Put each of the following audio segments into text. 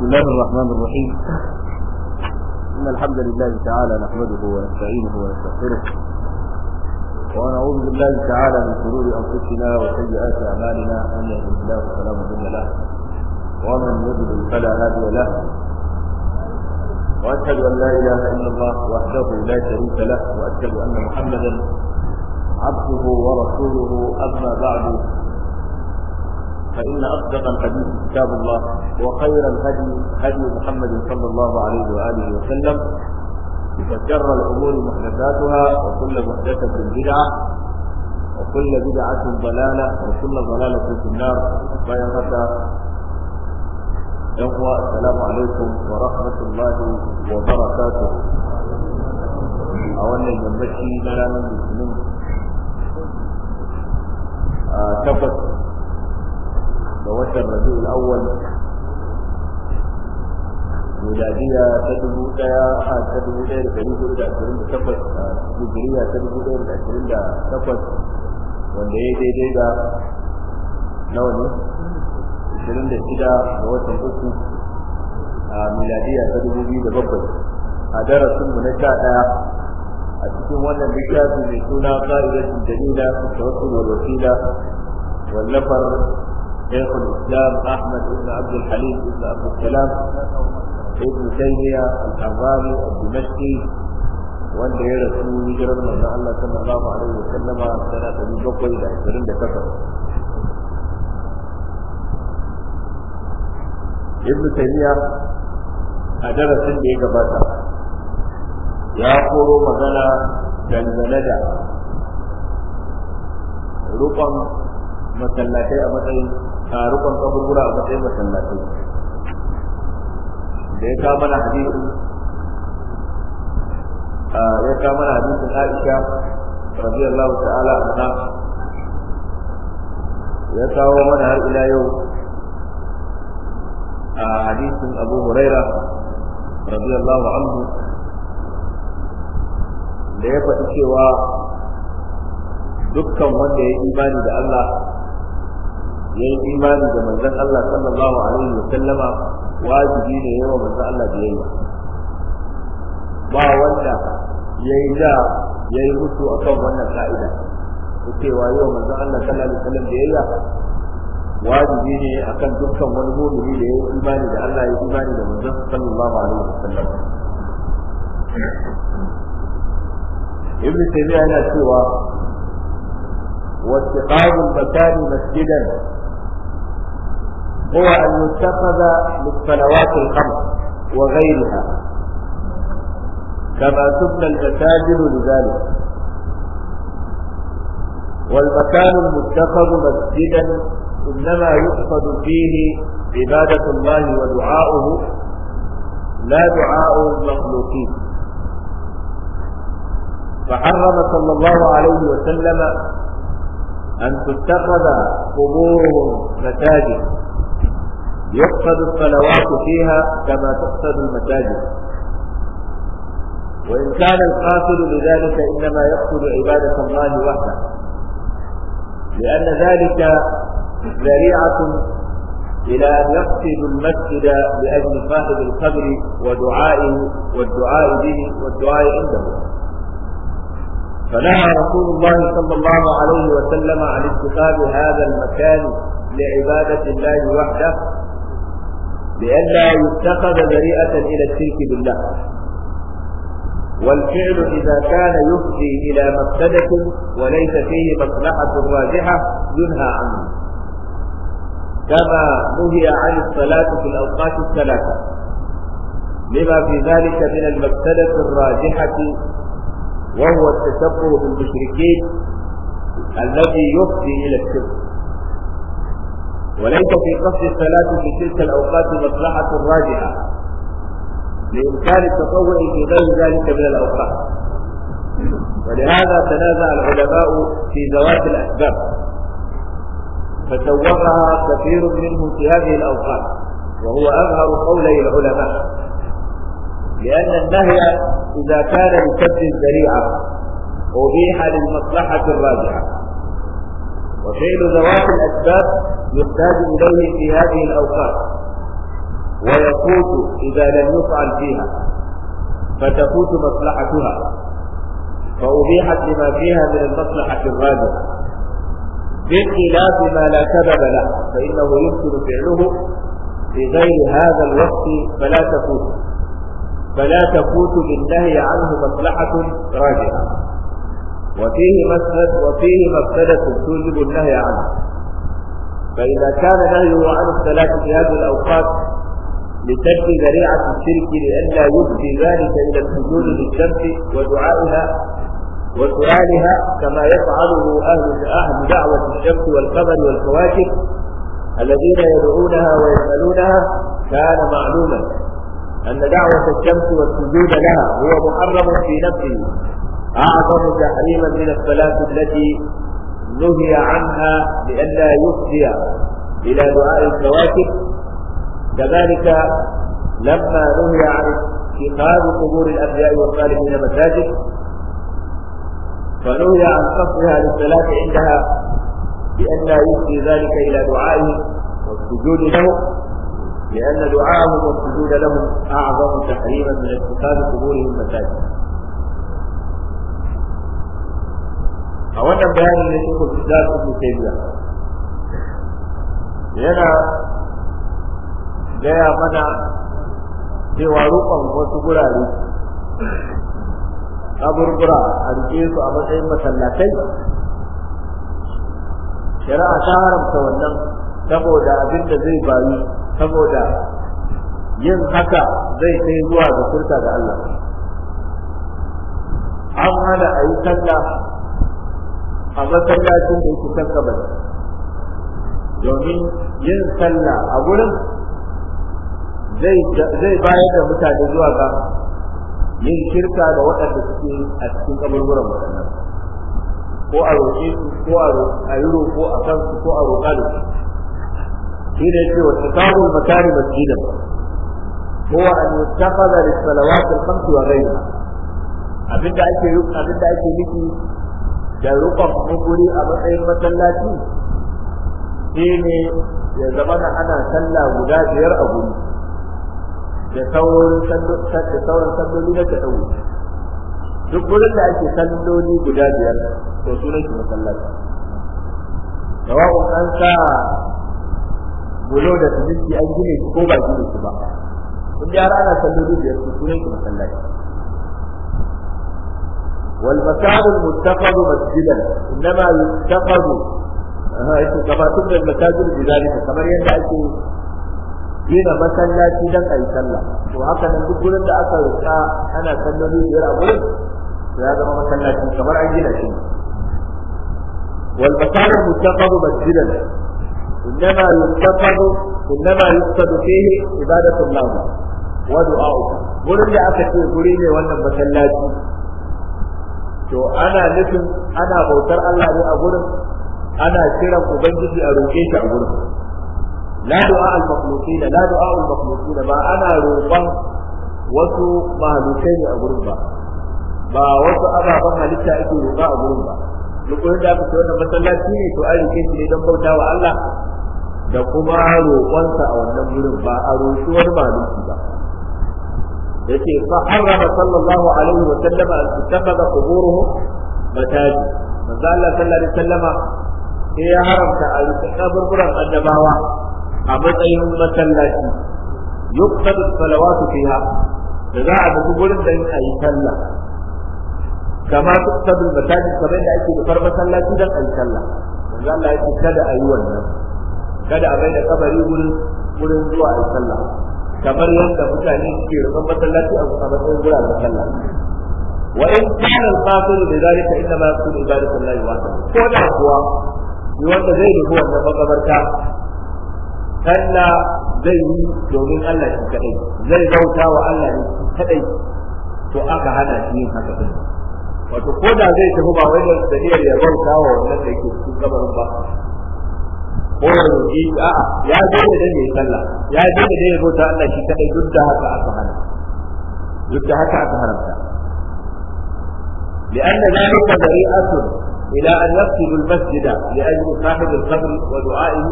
بسم الله الرحمن الرحيم إن الحمد لله تعالى نحمده ونستعينه ونستغفره ونعوذ بالله تعالى من شرور أنفسنا وسيئات أعمالنا أن يهدي الله فلا مضل له ومن يضل فلا هادي له وأشهد أن لا إله إلا الله وحده لا شريك له وأشهد أن محمدا عبده ورسوله أما بعد فإن أصدق الحديث كتاب الله وخير الهدي هدي محمد صلى الله عليه وآله وسلم وشر الأمور محدثاتها وكل محدثة بدعة وكل بدعة ضلالة وكل ضلالة في النار فيغتى إخوة السلام عليكم ورحمة الله وبركاته أولا يمشي لنا من المسلمين آه، تفت ga watan rabi'ul awwal miladiya ta dubu daya a ta dubu daya da dari hudu da ashirin da takwas a hijiriya ta dubu daya da ashirin da takwas wanda ya daidai da nawa ne ashirin da shida ga watan uku a miladiya ta dubu biyu da bakwai a darasinmu na sha ɗaya a cikin wannan littafi mai suna ƙa'idatin dalila da wasu wasila wallafar شيخ الاسلام احمد بن عبد الحليم بن عبد السلام ابن تيميه الحراني الدمشقي wanda ya rasu hijirar manzon Allah sallallahu alaihi wa sallama sana ɗari bakwai da ashirin da takwas. Ibn Taymiyyah a darasin da ya gabata ya koro magana dangane da rukon masallatai a matsayin a rukun kaburbura a matsayin masallatai da ya kama na hadisin ya kama na hadisin Aisha radiyallahu ta'ala anha ya kawo mana har ila yau a hadisin Abu Huraira radiyallahu anhu da ya faɗi cewa dukkan wanda ya imani da Allah ya yi imani da manzon Allah sallallahu alaihi wa sallama wajibi ne yawa manzon Allah da yayi ba wanda ya yi da ya yi mutu a kan wannan ka'ida ta cewa yau manzon Allah sallallahu alaihi wa sallam biyayya wajibi ne akan dukkan wani mu'mini da ya yi imani da Allah ya yi imani da manzon sallallahu alaihi wa sallam ابن تيمية هنا سوى واتخاذ المكان مسجدا هو أن يتخذ للصلوات الخمس وغيرها كما تبنى المساجد لذلك والمكان المتخذ مسجدا إنما يقصد فيه عبادة الله ودعاؤه لا دعاء المخلوقين فحرم صلى الله عليه وسلم أن تتخذ قبورهم مساجد يقصد الصلوات فيها كما تقصد المساجد وإن كان القاصد لذلك إنما يقصد عبادة الله وحده لأن ذلك ذريعة إلى أن يقصد المسجد لأجل صاحب القبر ودعائه والدعاء به والدعاء عنده فنهى رسول الله صلى الله عليه وسلم عن اتخاذ هذا المكان لعبادة الله وحده لئلا يتخذ بريئة إلى الشرك بالله والفعل إذا كان يفضي إلى مفسدة وليس فيه مصلحة راجحة ينهى عنه كما نهي عن الصلاة في الأوقات الثلاثة لما في ذلك من المفسدة الراجحة وهو التشبه بالمشركين الذي يفضي إلى الشرك وليس في قصد الصلاة في تلك الأوقات مصلحة راجعة لإمكان التطوع في غير ذلك من الأوقات ولهذا تنازع العلماء في ذوات الأسباب فسوقها كثير منهم في هذه الأوقات وهو أظهر قولي العلماء لأن النهي إذا كان لسد الذريعة أبيح للمصلحة الراجعة وفعل ذوات الأسباب يحتاج إليه في هذه الأوقات ويفوت إذا لم يفعل فيها فتفوت مصلحتها فأبيحت لما فيها من المصلحة الراجعة بخلاف ما لا سبب له فإنه يمكن فعله في غير هذا الوقت فلا تفوت فلا تفوت بالنهي عنه مصلحة راجعة وفيه مسند وفيه مفسدة توجب النهي عنه فإذا كان نهيه عن الصلاة في هذه الأوقات لسد ذريعة الشرك لئلا يفضي ذلك إلى السجود للشمس ودعائها وسؤالها كما يفعله أهل أهل دعوة الشمس والقمر والفواكه الذين يدعونها ويسألونها كان معلوما أن دعوة الشمس والسجود لها هو محرم في نفسه أعظم تحريما من الصلاة التي نهي عنها لئلا يفضي إلى دعاء الكواكب كذلك لما نهي عن اتخاذ قبور الأنبياء والصالحين مساجد فنهي عن قصدها للصلاة عندها لئلا يفضي ذلك إلى دعائهم والسجود لهم لأن دعاءهم والسجود لهم أعظم تحريما من اتخاذ قبورهم مساجد a wannan bayanin ne shi kuma da su ke biya yana gaya mana cewa rukun wasu gurare kaburbura a rike su a matsayin masallatai shari'a ta haramta wannan saboda abin da zai bayu saboda yin haka zai kai zuwa ga furta da Allah an hana a yi sallah a masallacin da yake kan kabari domin yin sallah a gurin zai bayar da mutane zuwa ga yin shirka da waɗanda suke a cikin kaburburan waɗannan ko a roƙe su ko a yi roƙo a kansu ko a roƙa da su shi ne ce wa tsakahul makari masjidan هو أن يتخذ للصلوات الخمس وغيرها abinda ake abinda ake nufi da rukon hukuri a matsayin masallaci shi ne ya zama da ana sallah guda biyar a guri da sauran salloli na kaɗau duk wurin da ake salloli guda biyar to sunan shi masallaci sawa'un an sa bulo da tabiki an gine shi ko ba gine shi ba sun gyara ana salloli biyar su sunan shi masallaci والمكان المتخذ مسجدا انما يتخذ كما تبنى المساجد بذلك كما يندى gina masallaci dan ayi sallah to haka duk gurin da aka rusa ana salloli biyar a gurin to ya zama masallaci kamar an gina shi wal masalu muttaqadu masjidan innama yuttaqadu innama yuttaqadu fihi ibadatu allah wa du'a'u da aka ce wuri ne wannan masallaci to ana nufin ana bautar Allah ne a gurin ana kiran ubangiji a roƙe shi a gurin la du'a al makhluqina la du'a al makhluqina ba ana roƙon wasu mahalukai ne a gurin ba ba wasu ababan halitta ake roƙa a gurin ba duk wanda aka ce wannan masallaci ne to a rike shi ne don bauta wa Allah da kuma roƙonsa a wannan gurin ba a roƙi wani mahaluki ba yace fa harrama sallallahu alaihi wa sallama an tattakhadha quburuhum mataji manzo Allah sallallahu alaihi wasallama sai ya haramta a rike kaburburan annabawa a matsayin masallaci yuqtadu salawatu fiha da za a bugu gurin da yi sallah kama tuqtadu masajid kamar da ake dukar masallaci dan ayi sallah manzo Allah ya ce kada ayi wannan kada a bai da kabari gurin gurin zuwa ayi sallah kamar yadda mutane suke rufan masallaci a matsayin guraren sallah wa in kana al-qasiru bi zalika inna ma yakunu ibadatu llahi wahdahu ko da kuwa ni wanda zai rubu wannan makabarta sallah zai yi domin Allah shi kadai zai bauta wa Allah ne shi kadai to aka hana shi yin haka din wato ko da zai tafi ba wai da niyyar ya bauta wa wannan da yake cikin kabarin ba ko ya roƙi a'a ya daina da mai sallah ya daina da ya bauta Allah shi kadai duk da haka aka hana duk da haka aka haramta لأن ذلك ذريعة إلى أن يقصد المسجد لأجل صاحب القبر ودعائه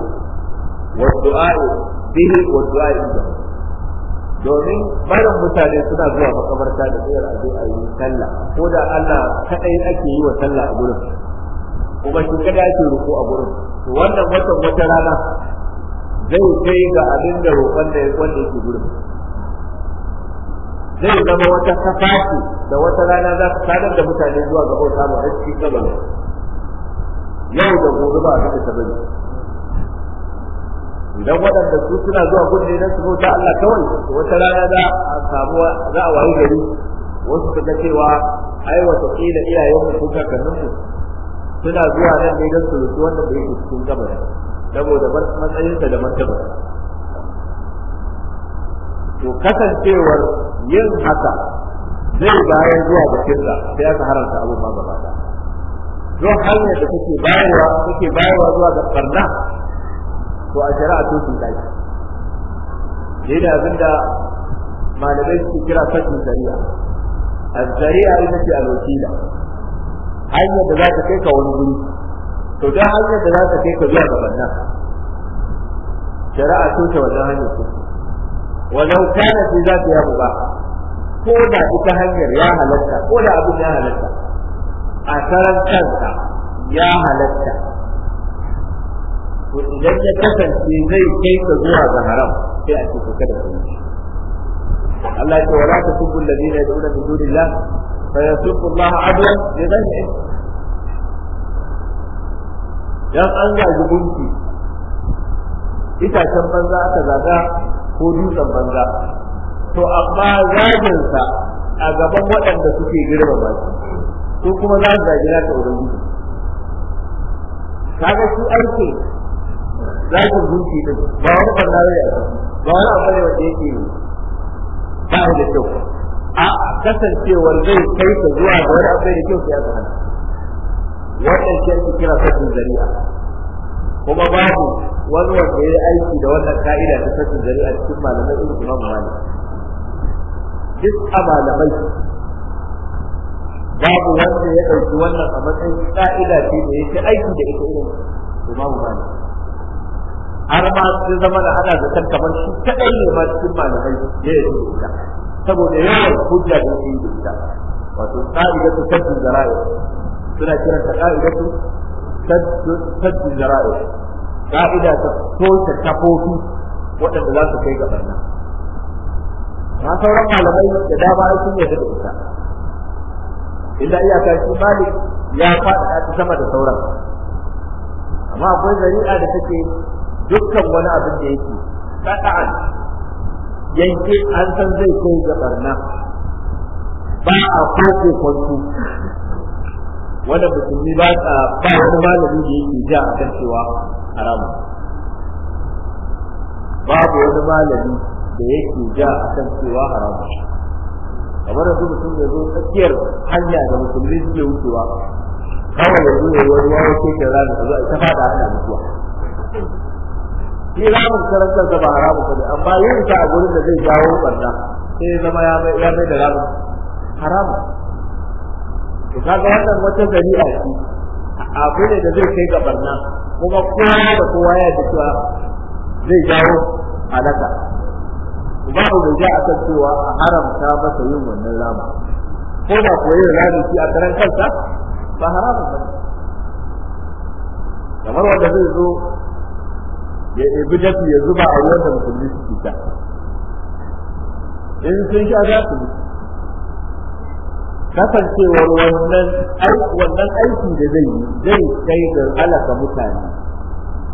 والدعاء به والدعاء عنده domin barin mutane suna zuwa makabarta da tsayar a zo yi sallah ko da Allah kaɗai ake yi wa sallah a gurin kuma shi kada yake ruku a gurin to wannan watan wata rana zai kai ga abin da roƙon da wanda yake gurin zai zama wata kafa da wata rana za ta sadar da mutane zuwa ga bauta ba a cikin gaba yau da gobe ba a ta bane idan waɗanda su suna zuwa gudu ne don su bauta Allah kawai wata rana za a samu za a wayi gari wasu kaga cewa ai wata kila iyayen mu ko suna zuwa nan ne don su rusu wanda da yake cikin kabari saboda matsayinsa da martaba to kasancewar yin haka zai bayan zuwa bakinsa sai aka haranta abubuwa gaba da don hanyar da kake bayarwa kake bayarwa zuwa ga barna to a shari'a to sun tashi sai da abinda malamai suke kira fasin zari'a a zari'a ita ce alwakila hanyar da za ta kai ka wani guri to dan hanyar da za ta kai ka zuwa gaban nan, shari'a ce ta wannan hanyar ce walau kana fi za ta yabu ba ko da ita hanyar ya halatta ko da abin ya halatta a karan kansa ya halatta to idan ya kasance zai kai ka zuwa ga haram sai a ce kada ka yi Allah ya ce wala tasubbu alladhina yad'una min dunillah فيسب الله عدوا لغير علم yan an zagi gunki itacen banza aka zaga ko dutsen banza to amma zaginsa a gaban waɗanda suke ba su, ko kuma za su zagi na ta ubangiji kaga su aiki zagin gunki din ba wani ɓarna ne a ba wani abu ne wanda yake ba da kyau a kasancewar zai kai ka zuwa ga wani abu da kyau ya hana wannan shi ake kira sakin zari'a kuma babu wani wanda ya aiki da wannan ka'ida ta sakin zari'a cikin malamai irin mu wani. duk a malamai babu wanda ya ɗauki wannan a matsayin ka'ida ce da fi aiki da ita irin mu wani har ma sun zama da ana kan kamar shi kaɗai ne ma cikin malamai ne ya yi saboda yawan hujja da su yi da wato ka'idatu kaddu zara'i suna kiran ta ka'idatu kaddu zara'i ka'ida ta toshe kafofi waɗanda za su kai ga barna ma sauran malamai da dama sun yarda da ita illa iyaka shi malik ya faɗa ta sama da sauran amma akwai zari'a da take dukkan wani abin da yake ƙasa'an yanke an san zai kai ga barna ba a kwace kwanto wanda musulmi ba ta ba wani malami da yake ja a kan cewa haramu babu wani malami da yake ja a kan cewa haramu kamar yanzu mutum ya zo tsakiyar hanya da musulmi suke wucewa kawai yanzu ne wani ya ke kira da ta ita fada ana mutuwa shi ramin karantar da ba haramu ba ne amma yin ta a gurin da zai jawo barna sai zama ya mai da haramu haramun to kaga wannan wata dalila ce abu ne da zai kai ga barna kuma kowa da kowa ya ji cewa zai jawo halaka babu da ja'a kan cewa a haramta masa yin wannan rama ko da kuwa yin rami shi a karan kansa ba haramun ba kamar wanda zai zo ya ebi dafi ya zuba a ruwan da musulmi suke sha in sun sha za su kasancewar wannan wannan aiki da zai yi zai kai ga alaka mutane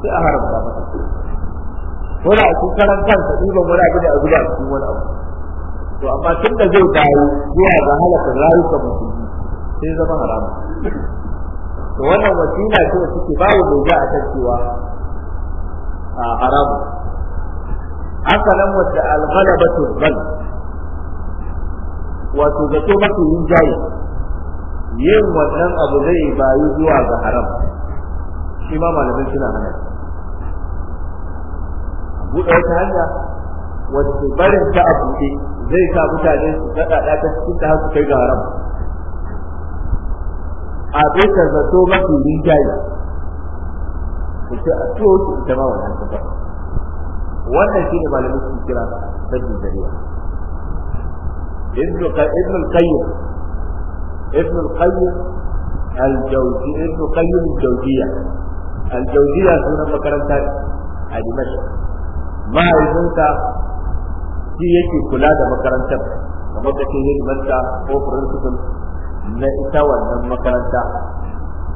sai a haramta masa ko da a cikin kansa ɗiban wani abu da a a cikin wani abu to amma tun da zai dawo zuwa ga halaka rayuka musulmi sai zama haramu to wannan wasila ce wacce babu doga a kan cewa haramun haka nan wadda alghalabatu bal wato zato mafi yin jayi yin wannan abu zai bayu zuwa ga haram shi ma malamin suna hana buɗe wata hanya wacce barin ta a zai sa mutane su daɗaɗa ta cikin da su kai ga haram a bisa zato mafi rinjaye ce a ita ma wannan kafa wannan shine malamin su kira sabbin zariya ibn ibn qayyim ibn qayyim al-jawzi ibn qayyim al-jawziya sunan a dimashq mahaifinsa shi yake kula da makarantar kamar da ke manta ko principal na ita wannan makaranta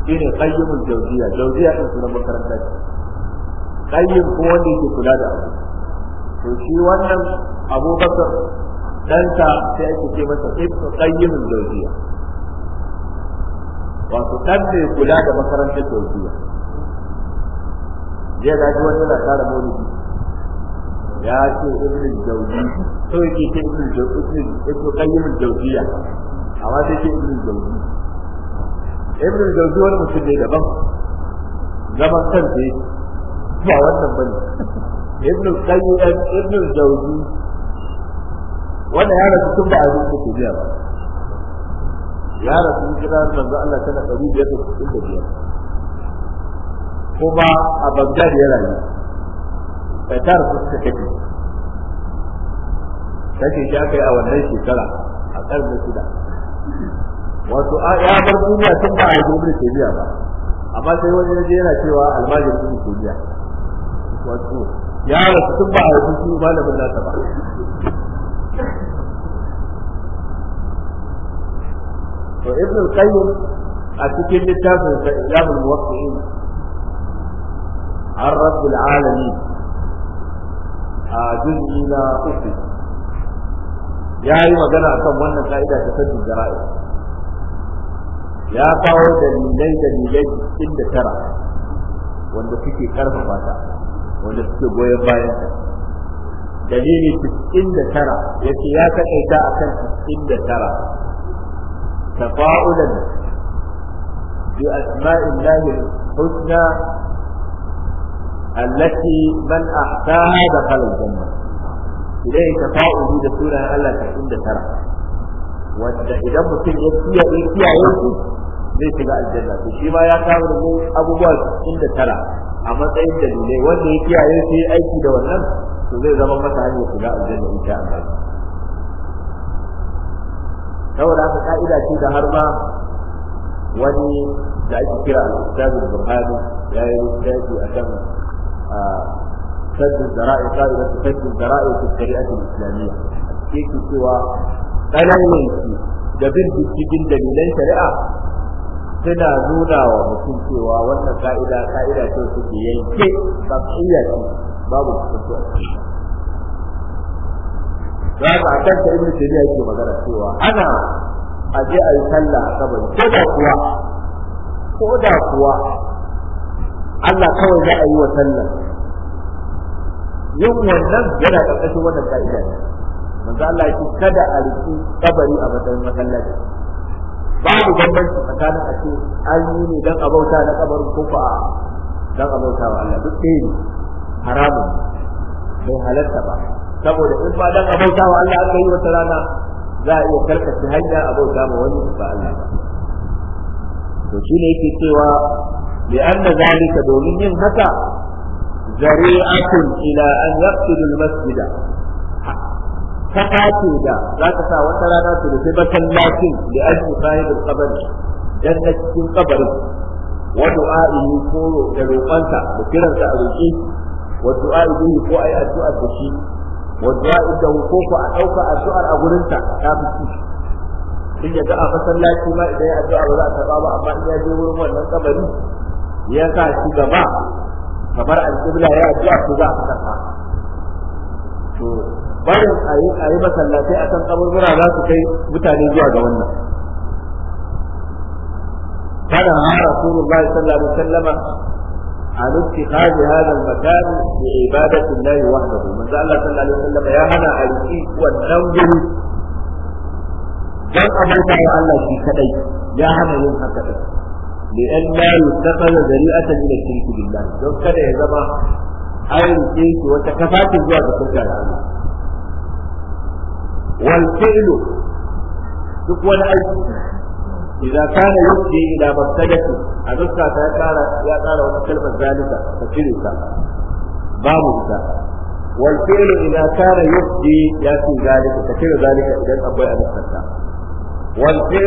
shine qayyimul jawziya jawziya din sunan makaranta ce qayyim ko wanda yake kula da abu to shi wannan abubakar danta sai ake ce masa ibnu qayyimul jawziya wato dan ne kula da makarantar jawziya jiya da ji wani yana kara maulidi ya ce ibnu jawziya to yake ce ibnu jawziya ibnu qayyimul jawziya amma sai ce ibnu jawzi ibn al-jawzi wani mutum ne daban zaman kansa ba wannan bane ibn al-qayyim ibn al-jawzi wannan ya rasu tun ba a yi ko biya ba ya rasu kira manzo Allah tana 565 kuma a Baghdad ya rayu Qatar su suka kace ke shi aka yi a wannan shekara a karni shida wato ya bar duniya tun ba a yi ibn taymiya ba amma sai wani yaje yana cewa almajir ibn taymiya wato ya rasu tun ba a yi shi malamin nasa ba to ibn qayyim a cikin littafin sa ilamul muwaqqi'in an rabbil alamin a juz'i na uku ya yi magana akan wannan ka'ida ta sabbin jara'i ya kawo dalilai dalilai cikin da tara wanda suke karfafa ta wanda suke goyon bayan ta dalili cikin da tara ya ce ya kaɗaita a kan cikin da tara tafa'ulan bi asma'in lahil husna التي من أحساها دخل الجنة إليه تفاؤل da sunan Allah ta da tara wanda idan mutum ya kiyaye kiyaye su zai shiga aljanna to shi ma ya kawo da mu abubuwa 69 a matsayin dalilai wanda ya kiyaye sai aiki da wannan to zai zama masa hanyar shiga aljanna insha Allah saboda haka ka'ida ce da har ma wani da ake kira al-ustazul burhani ya yi littafi akan سد الذرائع قائمة سد الذرائع في الشريعة الإسلامية كيف سوى قليل da bin dukkan dalilan shari'a suna nuna wa mutum cewa wannan ka'ida ka'ida ce suke yanke ba ce babu cikin a cikin za ka akan ta ibnu tabiya ke magana cewa ana a je a yi sallah a ko da kuwa ko da kuwa Allah kawai za a yi wa sallah yin wannan yana ƙarƙashin wannan ka'ida ne manzo Allah ya ce kada a riki kabari a matsayin masallaci babu bambanci tsakanin a ce an yi ne don abauta na kabar ko ba don abauta wa Allah duk ɗaya ne haramun bai halatta ba saboda in ba don abauta wa Allah aka yi wata rana za a iya karkace hanyar abauta ma wani ba Allah ba to ne yake cewa an da zalika domin yin haka zari'atun ila an yaqtilu masjida kasa ce da za ka sa wata rana su da rufe lakin da aji sahibin kabari dan na cikin kabarin wa ni ko da roƙonsa da kiransa a roƙe wa ni ko ai addu'a da shi wa da ko ko a ɗauka addu'ar a gurin ta fi shi in ya ga a masallaci ma idan ya addu'a ba za a taɓa ba amma in ya je wurin wannan kabari ya sa shi gaba kamar al-qibla ya addu'a ko za a karɓa to bayan a yi a yi masallatai a kan kaburbura za su kai mutane zuwa ga wannan kada ma rasulullahi sallallahu alaihi wasallam a lokaci kaje hada makani bi ibadati llahi wahdahu manzo Allah sallallahu alaihi wasallam ya hana a riki wannan guri dan abuta ya Allah shi kadai ya hana yin haka dai لئلا يتخذ ذريعة إلى الشرك بالله، لو كان يا جماعة أي شيء وتكفاك الجوع تكفاك الجوع. wal duk wani aiki idan kana yusdi ila mabtadati a dukka ta ya tsara wata kalmar zalika ta cire ta babu ta wal fi'lu idan kana ya ce zalika ta idan akwai a aiki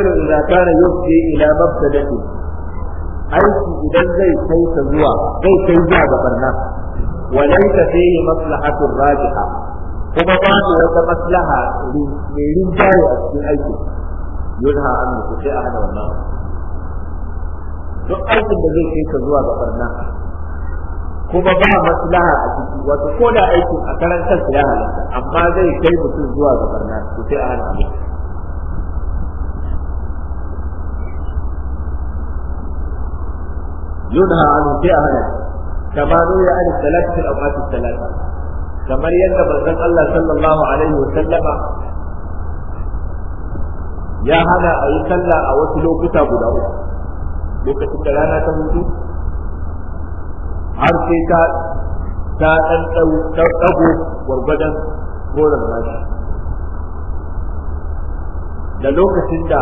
idan zai kai ta zuwa zai kai zuwa ga barna وليس فيه مصلحة راجحة kuma ba babu wata maslaha mai rinjaye a cikin aikin yunha an mutu sai a hana wannan duk aikin da zai kai ka zuwa ga barna kuma ba maslaha a ciki wato ko da aikin a karan su ya halatta amma zai kai mutum zuwa ga barna to sai a hana wannan. yunha an sai a hana kama ya an salatu a awqat talatin kamar yadda manzon Allah sallallahu alaihi wa sallama ya hana a yi sallah a wasu lokuta guda uku lokacin da rana ta hudu har sai ta ta ɗan ɗago gwargwadon goron bashi da lokacin da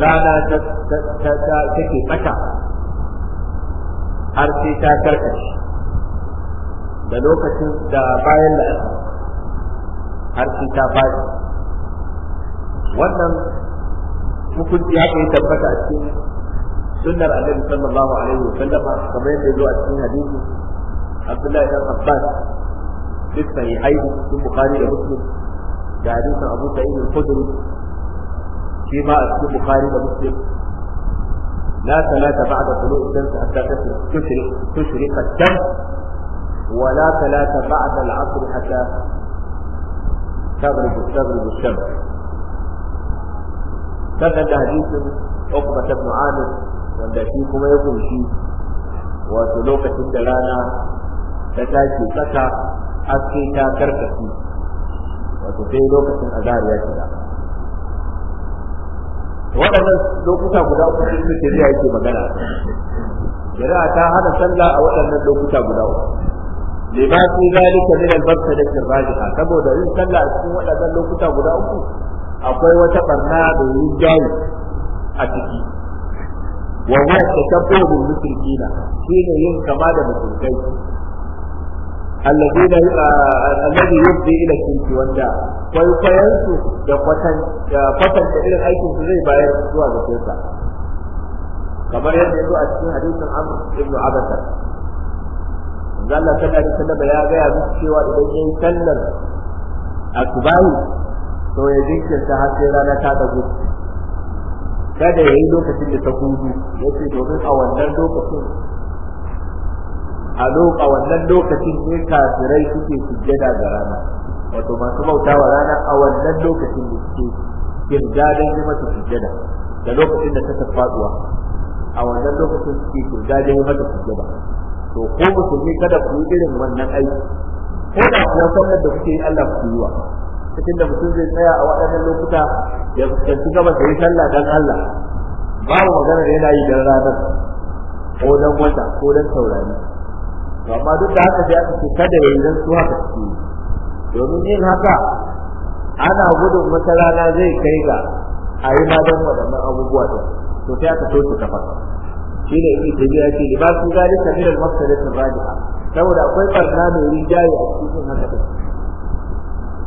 rana ta take tsaka har sai ta karkashi da lokacin da bayan da har sai ta faɗi wannan hukunci haka ya tabbata a cikin sunnar annabi sallallahu alaihi wa sallama kamar yadda ya zo a cikin hadisi Abdullahi bin Abbas duk sahihai sun Bukhari da Muslim da hadisin Abu Sa'id al-Khudri shi ma a cikin Bukhari da Muslim لا صلاة بعد طلوع الشمس حتى تشرق تشرق الشمس ولا ثلاثة بعد العصر حتى تغرب تغرب الشمس سنة حديث أقبة بن عامر عند كما يقول شيء وسلوكة الدلالة تتاج فتى أسكيتا كركسي وتتاج لوكة الأدار يجب وأنا لوكتا قد أفضل في الشريعة يجب مدنة جراءة هذا سنة أولا لوكتا قد أفضل lima fi da min da mafsadati rajiha saboda yin sallah a cikin waɗannan lokuta guda uku akwai wata barna da yin jayi a ciki wa huwa tasabbuhu mushrikina shine yin kama da mushrikai الذين الذي يفضي الى الشرك والداء su da kwatan da irin aikin su zai bayar zuwa ga shirka kamar yadda ya zo a cikin hadisin amr ibn abasa zalla Allah sallallahu alaihi wasallam ya gaya musu cewa idan yayin sallar asubahi to ya ta har sai rana ta dago kada ya yi lokacin da ta hudu ya ce domin a wannan lokacin a lokacin wannan lokacin ne kafirai suke sujjada ga rana wato masu wa rana a wannan lokacin ne suke kirdadan yi mata sujjada da lokacin da ta tafaduwa a wannan lokacin suke kirdadan yi mata sujjada to ko musulmi kada ku yi irin wannan aiki ko da kuwa sallar da kuke yi Allah ku yi wa cikin da mutum zai tsaya a waɗannan lokuta ya fuskanci gaba da yi sallah dan Allah babu magana da yana yi dan ranar ko dan wata ko dan taurari amma duk da haka sai aka ce kada ya yi dan su haka su domin yin haka ana gudun wata rana zai kai ga a yi ma dan waɗannan abubuwa to sai aka so su kafa shi ne ibn tabiya ce ba su gari ka da mafsadatin saboda akwai barna mai rijaye a cikin haka din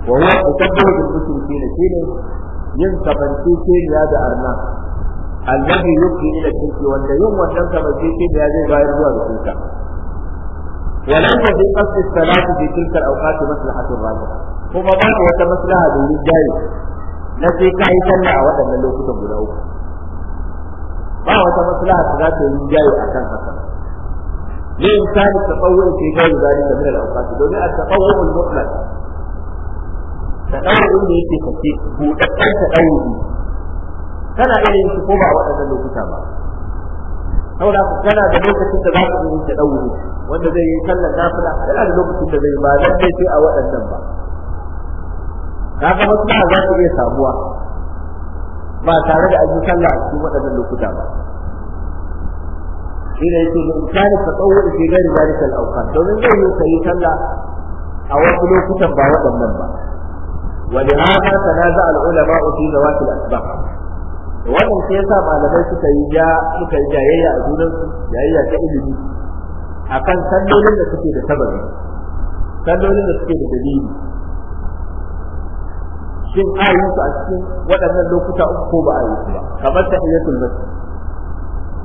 wa huwa tasabbu bil mushrikin shi ne yin kabanci ce ya da arna allazi yuqi ila shirki wanda yin wannan kabanci ce ya zai bayar zuwa ga shirka ولن تجد قصد الصلاة في تلك الأوقات مصلحة راجحة kuma babu wata maslaha da yin jari na sai ka yi sallah a waɗannan lokutan guda uku ba wata maslaha ta za ta yi jayo akan haka ne in ta ni tafawwur ke ga da zalika min al-awqat domin at-tafawwur al-mutlaq tafawwur ne yake kace budaddan tafawwur Tana irin shi ko ba waɗannan lokuta ba saboda kana da lokacin da za ka yi tafawwur wanda zai yi sallar nafila yana da lokacin da zai ba zai sai a waɗannan ba kaga maslaha za ta iya samuwa ba tare da aji sallah a cikin waɗannan lokuta ba shi ne yake mu'tani ka tsawo da gari da zalikal awqat domin zai yi kai sallah a wasu lokutan ba waɗannan ba Wani na za ولهذا تنازع العلماء في ذوات الأسباب wannan sai yasa malamai suka yi ja suka yi jayayya a junan su jayayya ta ilimi a kan sallolin da suke da sababi sallolin da suke da dalili shin a yi su a cikin waɗannan lokuta uku ko ba a yi su ba kamar ta iya tulmar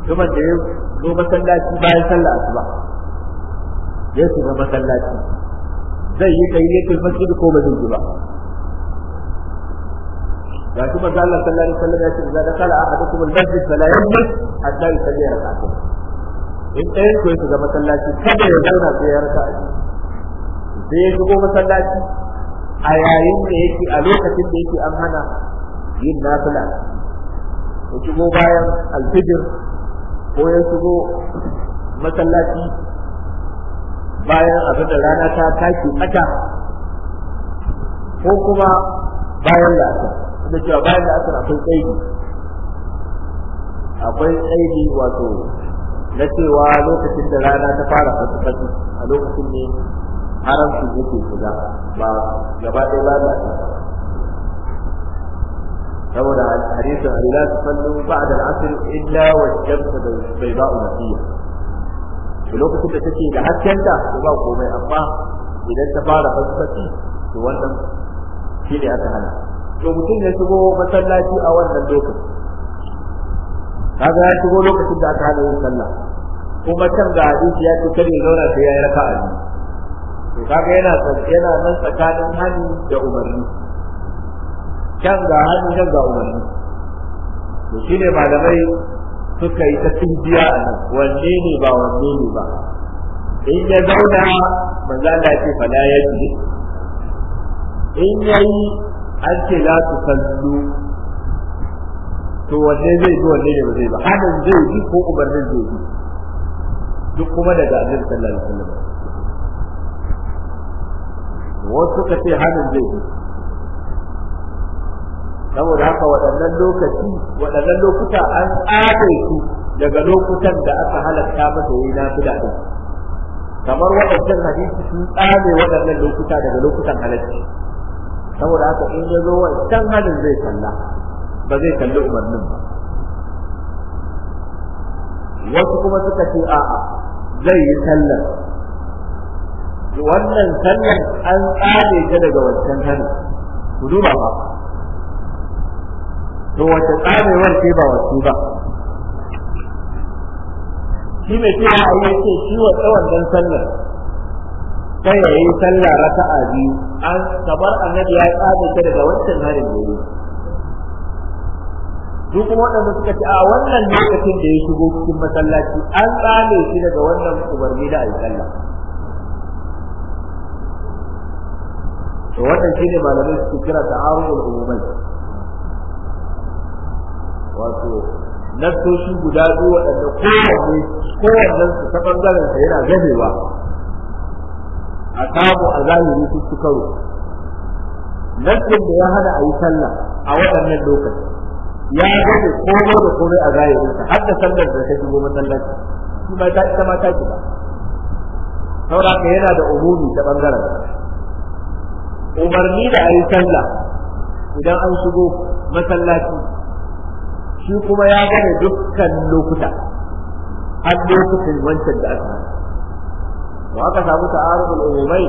kuma da ya zo masallaci bayan sallah asuba ya su ga masallaci zai yi kai ne tulmar su ko ba zai yi ba ga kuma Allah sallallahu alaihi wasallam ya ce idan dakala ahadukum al-masjid fala yajlis hatta yusalli rak'atayn in ɗayan ko ya ga masallaci kada ya zauna sai ya raka'a sai ya shigo masallaci a yayin da yake a lokacin da yake an hana yin nafila ko shigo bayan alfijir ko ya shigo masallaci bayan abin rana ta tashi mata ko kuma bayan da aka da cewa bayan da aka akwai tsaidi akwai tsaidi wato na cewa lokacin da rana ta fara fasu a lokacin ne haramci yake shiga ba gaba ɗaya ba da saboda hadisin Allah su sallu ba'da al-asr illa wa shamsu bai ba'u nasiya to lokacin da take da haskenta to ba komai amma idan ta fara fasfasi to wannan shi ne aka hana to mutum ya shigo masallaci a wannan lokacin kaga ya shigo lokacin da aka hana yin sallah kuma can ga hadisi ya ce kada zauna sai ya yi raka'a biyu to kaga yana yana nan tsakanin hani da umarni can ga hani can ga umarni to ne malamai suka yi ta tumbiya a nan wanne ne ba wanne ne ba in ya zauna manzo Allah ce fa la yaji in yayi an ce la su sallu to wanne zai ji, wanne ne ba zai ba hadin zai bi ko umarnin zai bi duk kuma daga annabi sallallahu alaihi wasallam wasu ka ce hannun zai bi saboda haka waɗannan lokaci waɗannan lokuta an tsagai su daga lokutan da aka halatta masa yi na fida daɗi, kamar waɗancan hadisi sun tsame waɗannan lokuta daga lokutan halatta saboda haka in ya zo wancan hannun zai kalla ba zai kalli umarnin ba wasu kuma suka ce a'a zai yi sallar wannan sannan an tsare ta daga wancan sanin ku duba ba to wace tsarewar ce ba wasu ba shi mai kira a yi ce shi wa tsawon dan sallar kai ya yi sallah raka'a biyu an kamar annabi ya tsare ta daga wancan harin da yi duk kuma waɗanda suka ce a wannan lokacin da ya shigo cikin masallaci an tsare shi daga wannan umarni da alƙalla to wannan shine malamai su kira ta ta'arudul umumai wato nassoshi guda biyu waɗanda kowanne kowannen su ta bangaren sa yana gadewa a samu a zahiri su su karo nassin da ya hada a yi sallah a waɗannan lokaci ya ko komai da komai a zahirin sa har da sallar da ta shigo masallaci shi ma ta ita ma ta shiga saboda yana da umumi ta bangaren sa umarni da ayi sallah idan an shigo masallaci shi kuma ya gane dukkan lokuta har lokacin wancan da aka to aka samu ta'arufin umumai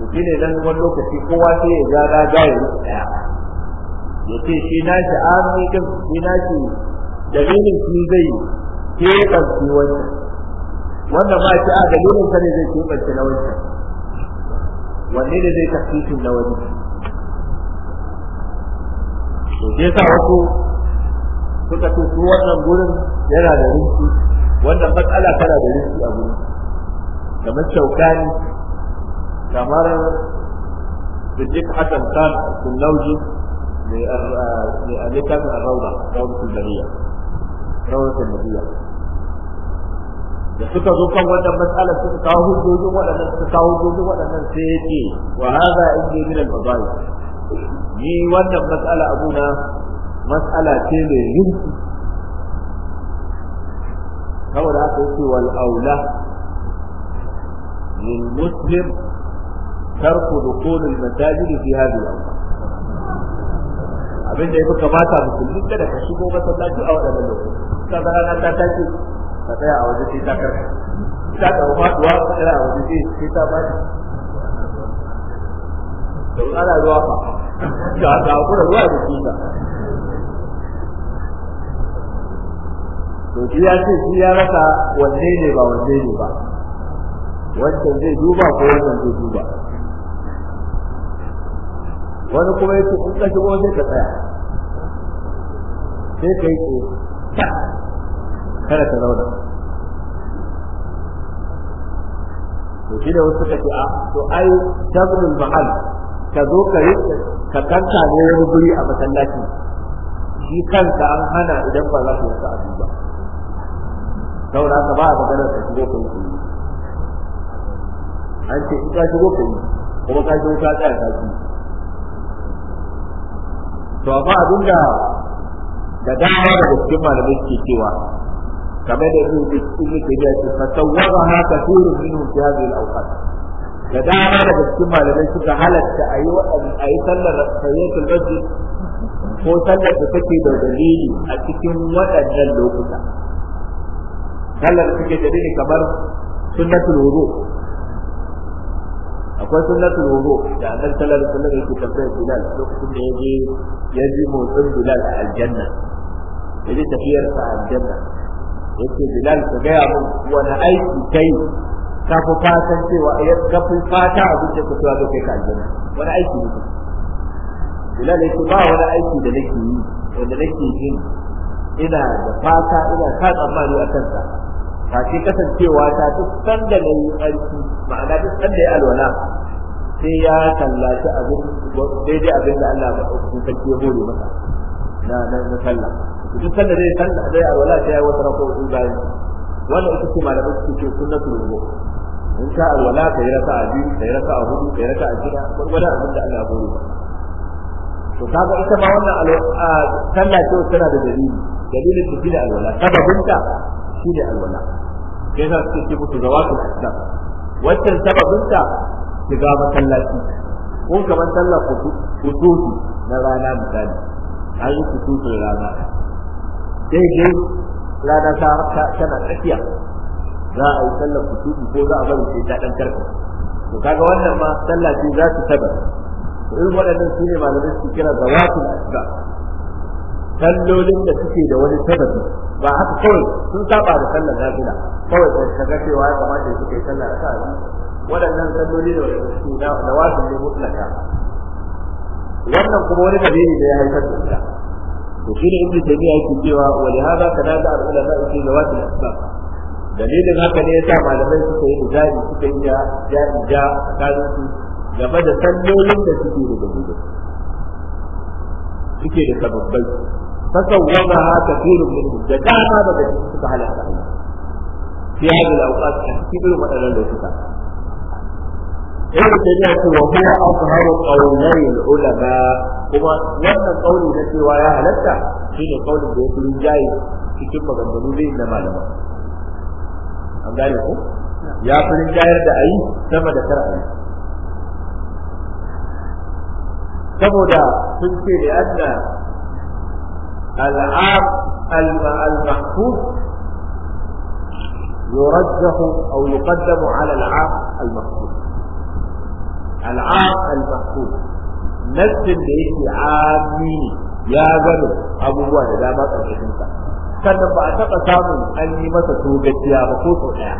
to shine dan wani lokaci kowa sai ya ga da gayi daya ya ce shi na shi amini kan shi na shi dalilin shi zai ke kanci wannan wannan ba shi a dalilin sa ne zai ke kanci na wancan wanne ne zai tafsirin na wani to je sa wasu suka ce su wannan gurin yana da rinki wannan matsala tana da rinki a gurin kamar shaukani kamar Siddiq Hassan sun lauji mai a littafin Arauda, Rawar sun Rawar Kullariya. da suka zo kan wannan matsalar suka kawo hujjojin waɗannan suka kawo hujjojin waɗannan sai ce wa hadha indi min al fadail ni wannan matsala abuna matsala ce mai yunki saboda haka yake wal aula lil muslim tarku dukhul al masajid fi hadhihi al abin da yafi kamata musulmi kada ka shigo masallaci a waɗannan lokaci kaga rana ta tashi ka tsaya a waje sai ta karka ta ka faduwa ka tsaya a waje sai ta baki don ana ruwa fa ga ga kuma ruwa da kika to shi ya ce shi ya rasa wanne ne ba wanne ne ba wancan zai duba ko wancan zai duba wani kuma yake in ka shigo sai ka tsaya sai ka yi ko kada ka zauna to shi da wasu suka a to ai jazmul mahal ka zo ka ka kanta ne wani guri a masallaci shi kanka an hana idan ba za ka yi sa'adu ba zauna ka ba a maganar ka shigo ka yi an ce in ka shigo ka yi kuma ka shigo ka tsaya ka yi to amma abinda da dama daga cikin malamai ke cewa kamar da ibn ibn tabiya ce fa sawwaraha kathirun minhum fi hadhihi al-awqat da dama daga cikin malamai suka halatta ayi waɗanda ayi sallar sayyatul masjid ko sallar da take da dalili a cikin waɗannan dalili na sunnatul akwai sunnatul wudu da annabi sallallahu alaihi wasallam yake tabbata Bilal lokacin da yaje yaji motsin Bilal a aljanna yaje tafiyar sa aljanna yace bilal ka gaya mun wani aiki kai ka fi fatan cewa eh, ka fi fata a zuciyar ka cewa zai kai ka aljanna wani aiki ne bilal yace ba wani aiki da nake yi wanda nake yin ina da fata ina sa tsammani a kansa ba shi kasancewa ta duk sanda na yi aiki ma'ana duk sanda ya alwala sai ya tallaci abin daidai abin da Allah ba ɗauki sarki ya hore masa na na sallah duk sanda zai san zai alwala sai ya wata rako'in bayan wannan ita ce malamai suke ce sunnatul wudu in ka alwala kai raka'a biyu kai raka'a hudu kai raka'a shida gwargwadon abin da Allah ya bori to kaga ita ma wannan sallah ce tana da dalili dalilin ta shine alwala sababin ta shine alwala sai za su ce muku zawatul asbab wannan sababin ta shiga masallaci ko kamar sallah kusufi na rana misali an yi kusufin rana daidai rana tana tsakiya za a yi sallar kutubi ko za a bari sai ta dan karka to kaga wannan ma sallah ce za ta tabar to in waɗannan su ne malamai su kira zawatul asba sallolin da suke da wani sababi ba haka kawai sun saba da sallar nafila kawai da ga cewa ya kamata su kai sallar ta waɗannan salloli da su da wasu ne mutlaka wannan kuma wani dalili da ya haifar da ita وشيل ابن تيمية يكتبها ولهذا تنازع العلماء في ذوات الأسباب dalilin haka ne yasa malamai suka yi misali suka yi ja ja tsakanin su game da sallolin da suke da dalilin suke da sababbai fasawwama ha kafirun minhum da dama daga cikin suka halatta irin waɗannan lokuta ابن تيمية وهو أظهر قولي العلماء kuma wannan kauli na cewa ya halatta shi ne kaulin da ya fi rinjaye cikin maganganu zai na malama an gane ku ya fi rinjayar da ayi sama da kar ayi saboda sun ce da yadda al'ab al-mahfuz yurajjahu aw yuqaddamu ala al'ab al-mahfuz al'am al-mahfuz nassin da yake ami ya gano abubuwa da dama ƙarƙashin sa sannan ba a taɓa samun an yi masa to gaskiya ba ko sau ɗaya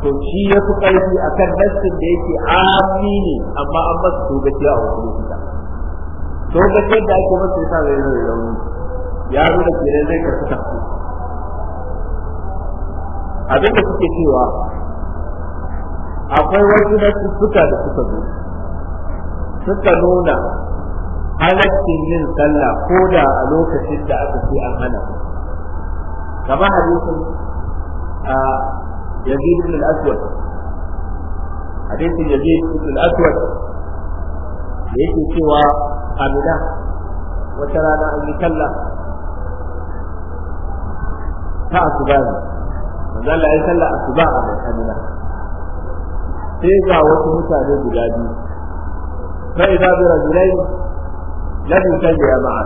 to shi ya fi a kan nassin da yake ami amma an masa to gaskiya a wasu lokuta to gaskiyar da ake masa yasa zai zai rauni ya nuna kenan zai karfi tafi abinda kuke cewa akwai wasu na suka da suka zo suka nuna halaccin yin sallah ko da a lokacin da aka ce an hana kamar hadisin a yazid ibn al-aswad hadisin yazid ibn al-aswad da yake cewa amina wata rana an yi sallah ta asuba ne manzo Allah ya sallah asuba a amina sai ga wasu mutane guda biyu fa idza bi rajulain lam yusalli ma'a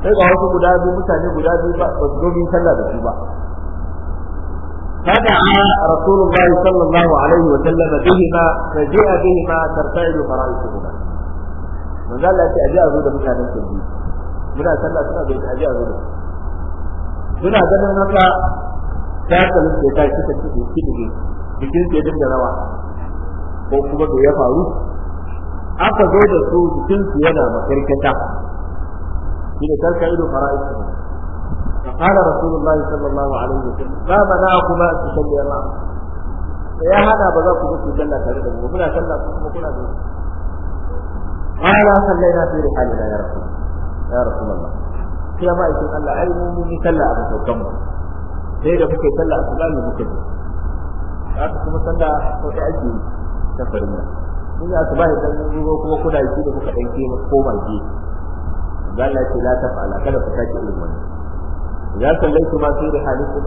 sai ga wasu guda biyu mutane guda biyu ba su zo sallah da su ba فدعا رسول الله صلى الله عليه وسلم بهما فجاء بهما ترتعد فرائسهما من قال لك أجاء زود من هذا السبيل muna sallah suna da ita ajiya zuwa suna ganin haka ta kalin da ta kika kike jikin su ya dinga rawa ko kuma to ya faru aka zo da su jikin su yana makarkata shi ne karka ido fara'is su فقال رسول الله صلى الله عليه وسلم ما منعكما ان تصليا معه يا هذا بذاك كنت جلة تردد وكنا صلى وكنا sallai na في رحالنا na ya rasu. Ya rasu sai ma ikin Allah ai mu mun yi sallah a bakin mu sai da kuke sallah a sallah mu kuke haka kuma sallah sau ɗaya ake yi ta farilla in za su ba da ɗan ruwa kuma kuna yi da kuka ɗan kema ko ba ke zalla ce la ta fa'ala kada ku sake irin wannan za ka laifi ma sai da halittu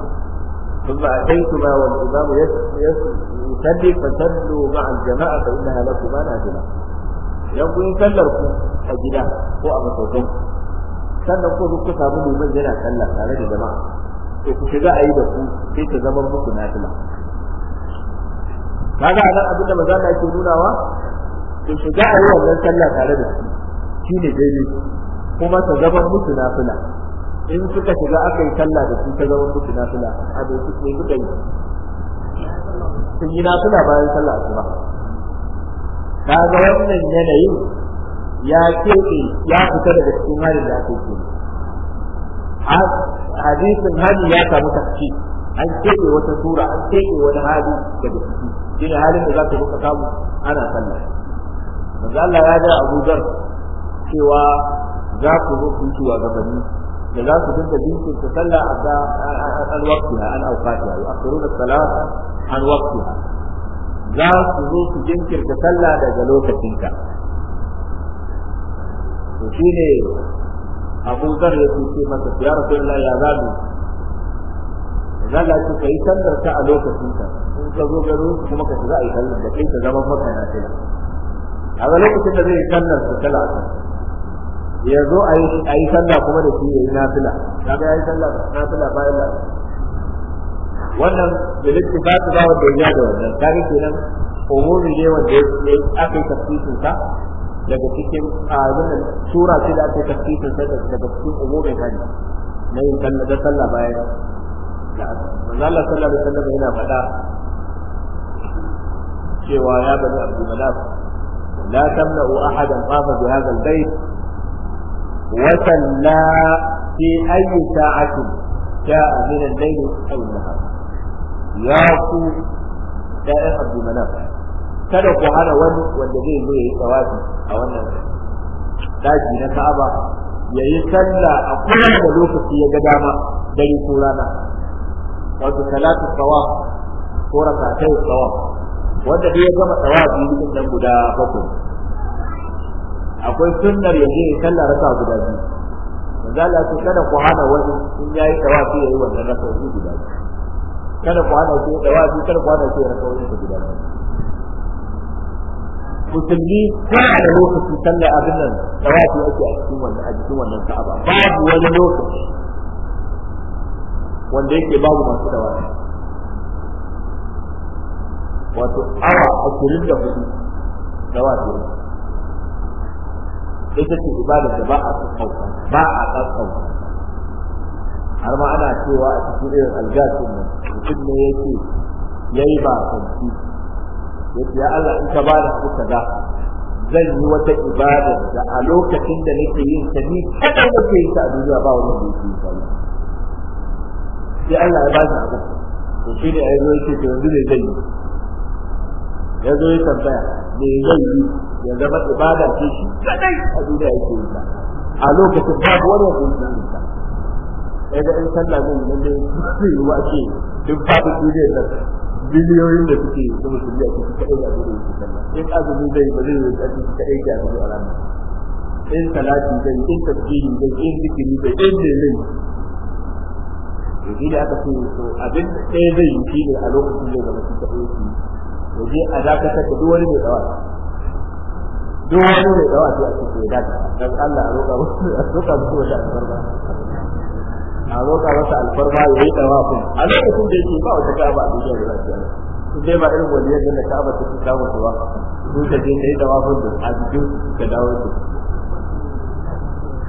ثم أتيتما والإمام يصلي فصلوا مع الجماعة فإنها لكما نازلة yanzu in sallar ku a gida ko a masaukai sannan ko kuka samu liman yana sallah tare da jama'a to ku shiga a yi da ku sai ka zama muku nafila kaga a abin da maza na ke nunawa su shiga a yi wannan sallah tare da su Shi ne daidai kuma ta zama musu nafila in suka shiga aka yi sallah da su ta zama musu nafila a bai su ne suka yi sun yi nafila bayan sallah asuba kaga wannan yanayin ya keɓe ya fita daga cikin halin da ake ke hadisin hali ya samu tafki an keɓe wata sura an keɓe wani hali daga ciki shi ne halin da za ka ka kamu ana sallah manzo Allah ya ga Abu Dhar cewa za ku zo ku ci gabanni da za su dinga dinkin ta sallah a da an waqtiha an awqatiha wa akhiruna salata an waqtiha za su zo su jinkirta sallah daga lokacin lokacinta to shine Abu Dhar ya ce masa ya Rasulullah ya zabi za ka ce kai sallar ta a lokacin ka in ka zo garo kuma ka shiga ai sallar da kai ka zama maka na tana a ga lokacin da zai sallar ta tala ta ya zo a yi sallah kuma da shi ya yi nafila ka ga ya yi sallah nafila bayan da wannan da littifatu ba wanda ya ja da wannan kare kenan umumi ne wanda ya aka yi tafsirin sa daga cikin abin sura ce da aka yi tafsirin sa daga cikin umumin hadisi na yin sallah bayan manzo Allah sallallahu alaihi wasallam yana faɗa cewa ya bani Abdul Malik la tamna'u ahadan qafa bi hadha al-bayt wa salla fi ayyi sa'atin ja'a min al-layl aw an-nahar ya ku ya'yan Abdul Malik kada ku hana wani wanda zai zo yayi tsawafi a wannan daji na Ka'aba yayi sallah a da lokaci ya ga dama dare ko rana wato salatu tawaf ko rakatai tawaf wanda dai ya gama biyu din nan guda bakwai akwai sunnar ya je sallar raka guda biyu manzo Allah ce kada ku hana wani in yayi tawafi yayi wannan raka guda biyu kada ku hana shi tawafi kada ku hana shi raka guda biyu musulmi yana da lokaci sallar abin nan tawafi ake a cikin wannan a cikin wannan ka'aba babu wani lokaci wanda yake babu masu dawa wato awa ashirin da hudu wata ce ita ce ibadar da ba a tsauka ba a tsauka har ma ana cewa a cikin irin algasin nan mutum ne yake yi ba a yace ya Allah in ka bada ku za zan yi wata ibada da a lokacin da nake yin ta ni da ke yin ta a duniya ba wani da yake yin ta sai Allah ya ba shi abu to shi ne ya yake to yanzu ne zai yi ya zo ya tambaya me zai yi ya zama ibada ce shi kadai a duniya yake yi ta a lokacin ba wani abu ne yi ta sai da in sallah zai nan dai zai ruwa ce duk babu duniya nan biliyoyin da suke da musulmi a cikin kadai da duniya yake sallah in azumi zai ba zai yi a cikin kadai ke a duniya ranar in salati zai in tasbihi zai in zikiri zai in ne zai to shi da aka ce to abin ɗaya zai yi shi ne a lokacin zai zama cikin kaɗai shi to je a dakatar da duk wani mai tsawa duk wani mai tsawa sai a cikin to ya dakata Allah a roƙa musu a roƙa musu wata alfarma a roƙa masa alfarma ya yi tsawa kun a lokacin da yake ba wata ka'aba a duniya da za ta yi dai ba irin wani yadda na ka'aba ta fita musu ba su ta je ta yi tsawa kun da a jikin ka dawo su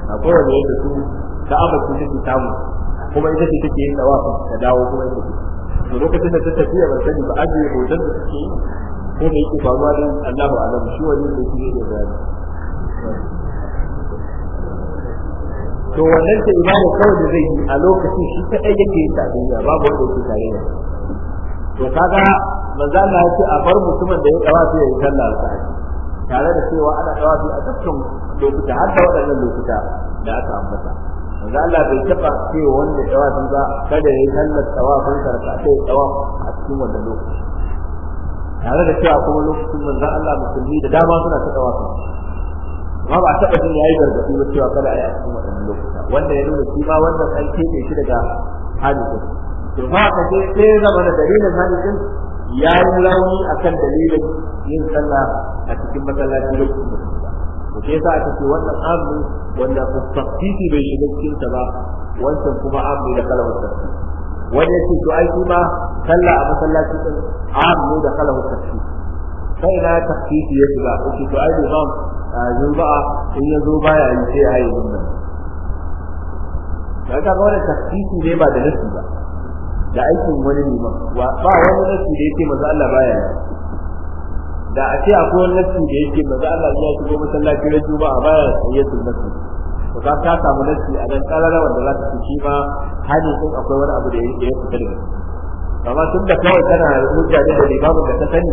a kowane yadda su ka'aba su take samu kuma ita ce take yin tawafin ta dawo kuma ita ce to lokacin da ta tafiya ban sani ba ajiye hoton da take ko da yake faruwa da Allahu alam shi wani ne shi ne da to wannan ta imamu kawai da zai yi a lokacin shi ta kadai yake yin ta duniya babu wanda yake tare da to kaga manzo Allah ya ce a bar mutumin da ya tawafi ya yi sallah alƙali tare da cewa ana tawafi a dukkan lokuta har da waɗannan lokuta da aka ambata manzo Allah bai taba ce wanda tawafin ba kada ya sallar tawafin sarka sai tawaf a cikin wanda lokaci tare da cewa kuma lokacin manzo Allah musulmi da dama suna ta tawafin amma ba a taba jin yayi gargadi ba cewa kada a yi a cikin wannan lokuta wanda ya nuna shi ba wannan an kebe shi daga hadisin to ma ka je sai zama da dalilin hadisin ya yi rauni akan dalilin yin sallah a cikin masallaci lokacin da to sai sa aka ce wannan azu wanda tafsiri bai shiga cikin sa ba wancan kuma abu da kala tafsiri wani yace to ai kuma sallah a masallaci din abu da kala tafsiri sai na tafsiri ya shiga yace to ai ba zuba'a in ya zo baya yi sai ai wannan kaga ga wannan tafsiri ne ba da nasi ba da aikin wani ne ba ba wani nasi da yake manzo Allah baya yi da a ce akwai wani nassin da yake maza Allah ya shigo masallaci na juma'a baya sayyatul masjid to za ta samu nassi a dan karara wanda za ta ci ba hali sun akwai wani abu da ya fita daga amma tun da kawai kana hujja ne da limamin da ta sani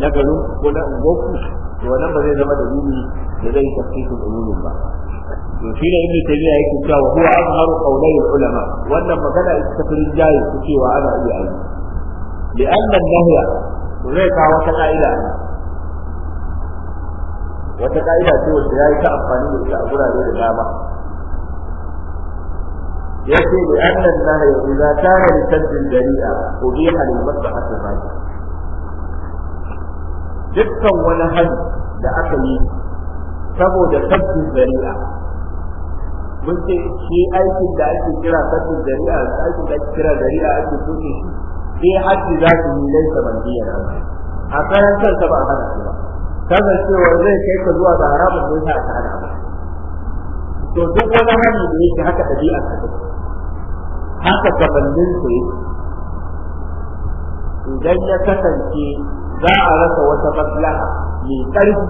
na garin ko na ungoku to wannan ba zai zama da yuni da zai tafsirin umumin ba to shi ne ibnu tayyiba yake cewa wa huwa azharu qawlai ulama wannan magana ita ta firin jayi cewa ana iya yi li'anna an-nahya zai kawo ta ka'ida wata ka'ida ce wacce ya yi ta amfani da ita a gurare da dama Ya yace da annan nahya idza kana li tadbir dari'a ubiha lil maslahati raji dukkan wani hali da aka yi saboda tadbir dari'a mun ce shi aikin da ake kira sabbin dari'a da aikin da ake kira dari'a ake soke shi sai hajji za su yi laisa bandiya a karantar ta ba hana shi ba cewa zai kai ka zuwa ga haramun da yasa aka hana to duk wani hali da yake haka ɗabi'a ka take haka gabanin ku yake idan ya kasance za a rasa wata maslaha mai ƙarfi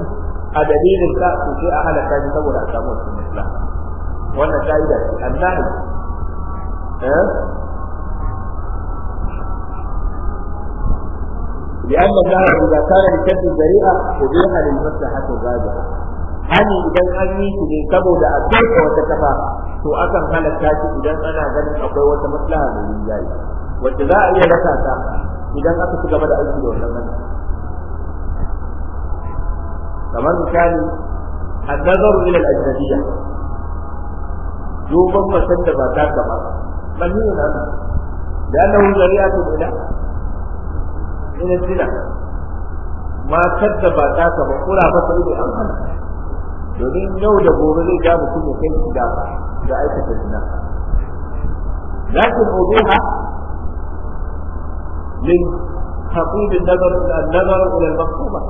a dalilin ka to sai a halaka shi saboda a samu wata maslaha wannan ka'ida ce annahi eh لأن الله إذا كان لشد الذريعة أبيح للمصلحة الراجعة hani idan an yi shi ne saboda a kauce wata kafa to akan halatta shi idan ana ganin akwai wata maslaha mai rinjaye wacce za a iya rasa ta idan aka ci gaba da aiki da wannan hanya kamar misali annazaru ila da ba gaba manhiyun an da ina zina matar da ba ta ba kura ba ta ido an hana domin yau da gobe zai ja mutum ya kai shi da da aikata zina lakin uduha min حقيب النظر nazar ulal maktuba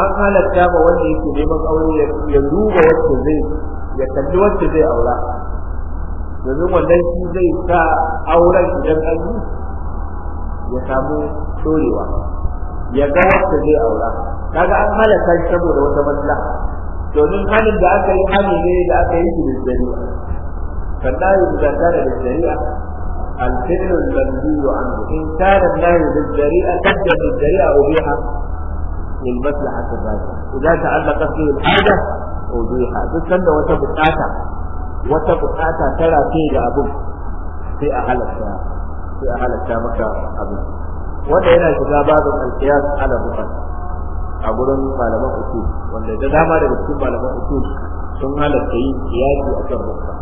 an halatta ba wanda yake neman aure ya duba wacce zai ya kalli wacce zai aura domin wannan shi zai sa auren idan an yi ya samu dorewa ya ga wata zai aura kaga an halaka shi saboda wata matsala domin halin da aka yi hali ne da aka yi da shari'a kada yi da tare da shari'a al-fitrul mabdu'u an in kana lahu bil shari'a kadda bil shari'a ubiha lil maslahat al-rajia idan ta'allaqat bihi al-hada ubiha dukkan da wata bukata wata bukata tara ce ga abu sai a halaka sai a halatta maka abin wanda yana shiga babin alkiyas ala bukan a gurin malaman usul wanda da dama daga cikin malaman usul sun halatta yin kiyasi akan bukan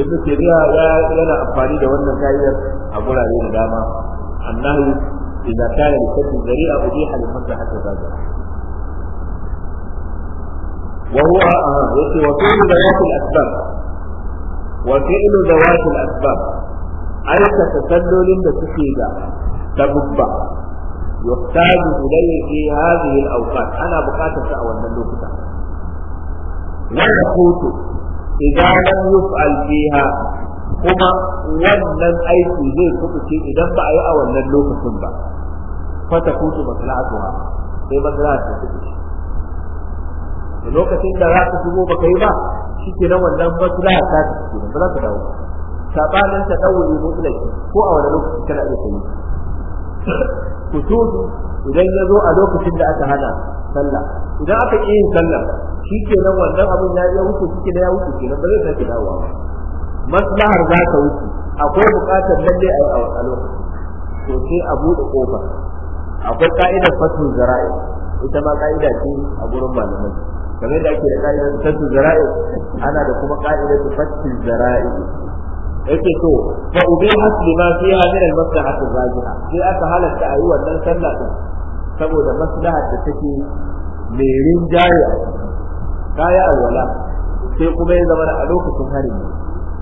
ibn tabiya yana amfani da wannan ka'idar a gurare da dama annahu idza kana likati zari'a ubiha lil maslahati zalika وهو آه يأتي وطول بيات الأسباب wa fi'lu zawatil asbab aikata sallolin da suke da sabubba yuhtaju ilayhi fi hadhihi al-awqat ana buƙatar sa a wannan lokuta wa yaqutu idan lam yuf'al fiha kuma wannan aiki zai kubuce idan ba a yi a wannan lokacin ba fata sai lokacin da za ka shigo ba shi na wannan maslaha ta ta ke nan ba za ka dawo sabanin ta dawuri mutlaki ko a wani lokaci kana iya ku kusudu idan ya zo a lokacin da aka hana sallah idan aka yi yin sallah shi ke nan wannan abin ya wuce shi da ya wuce ke nan ba zai sake dawowa maslahar za ta wuce akwai buƙatar lalle a yi a lokaci to sai a buɗe ƙofa akwai ka'idar fasul zara'i ita ma ka'ida ce a gurin malamai kamar da ake da ka'idar fasu zara'i ana da kuma ka'idar fasu zara'i yake to fa ubi hasli ma fiha min al maslahati rajiha sai aka halatta ayi wannan sallah din saboda maslahar da take mai rinjaye a ciki kaya alwala sai kuma ya zama a lokacin harin ne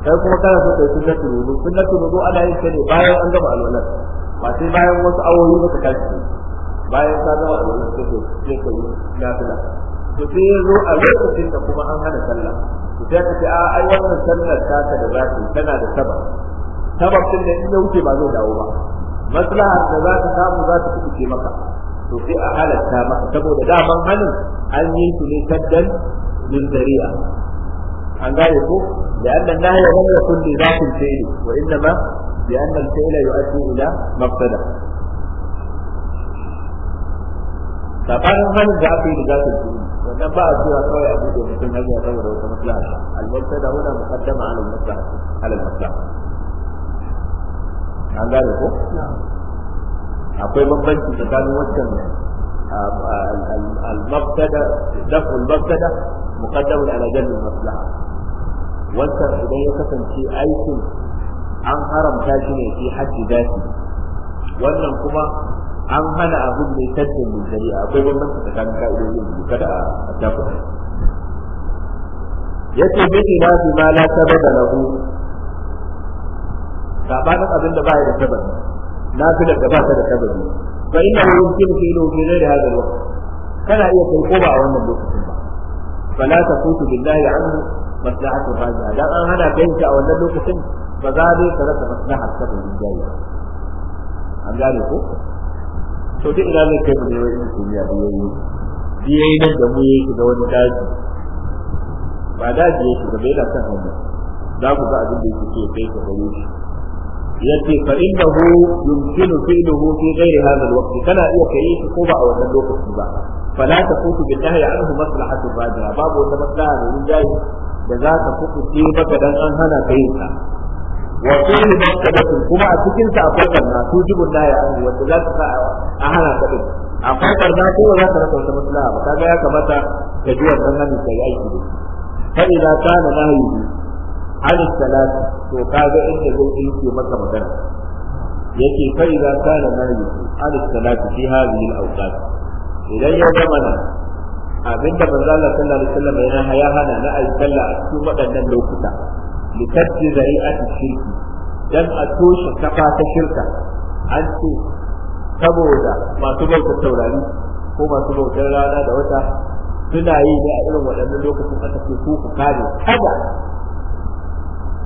kai kuma kana so kai sunnatul wudu sunnatul wudu ana yin ta ne bayan an gama alwala ba sai bayan wasu awoyi ba ka kashi? bayan ka gama alwala sai ka yi nafila to sai ya zo a lokacin da kuma an hana sallah to sai ka ce a ai wannan sallar taka da za tana da sabab sabab din da in ya wuce ba zai dawo ba maslahar da za ta samu za ta kuɓuce maka to sai a halatta maka saboda daman hannun an yi su ne kaddan lil dariya. an gane ko da annan nahi ya da kulli zakin fi'li wa ma bi anna al-fi'la yu'addi ila maqsada sabanin hannun da aka yi da zakin fi'li wannan ba a cewa kawai a buɗe mutum hanya saboda wata maslaha albarka da wani muqaddama ala maslaha ala maslaha an gane ko akwai bambanci tsakanin wancan المبتدا دفع المبتدا مقدم على جلب المصلحه wancan idan ya kasance aikin an haramta shi ne fi haddi dati wannan kuma an hana abin mai tattalin min a akwai bambanci tsakanin ka'idojin biyu kada a Ya ce yace na su ma la sababa lahu sabanin abin da ba ya da sababi na fi daga ba ta da sababi ne. Ba ina yumkin fi lahu fi na da al-waqt kana iya kai ko ba a wannan lokacin ba fala hannu billahi anhu maslahatu rajiha dan an hana kai a wannan lokacin ba za dai ka rasa maslahar sababi jayi an gane ko to duk ina zai kai mu ne wani kimiyya da yi. yayi nan da mu yake da wani daji ba daji ya da bai da kan hannu. za ku ga abin da yake so kai ka gare shi yace fa innahu yumkinu fi'luhu fi ghairi hadha al-waqt kana iya kai shi ko ba a wannan lokaci ba fala tafutu bi nahyi anhu ba bajira babu wata maslaha da rinjaye da za ka kuɓuce maka dan an hana ka yin ta wa fihi maktabatun kuma a cikin sa akwai barna tujibun nahyi anhu wanda za ta sa a a hana ka a akwai na ko ba za ka rasa wata maslaha ba kaga ya kamata ka ji wannan hannun ka yi aiki da fa idza kana nahyi an salat to kaga inda zai yake maka magana yake fa idza kana nahyi an salat fi hadhihi al-awqat idan ya gama nan abinda manzo Allah sallallahu alaihi wasallam ya haya hana na alƙalla a cikin waɗannan lokuta likatti zari'ati shirki dan a toshe kafa ta shirka an ce saboda masu bautar taurari ko masu bautar rana da wata suna yi ne a irin waɗannan lokacin aka ce ku ku kare kada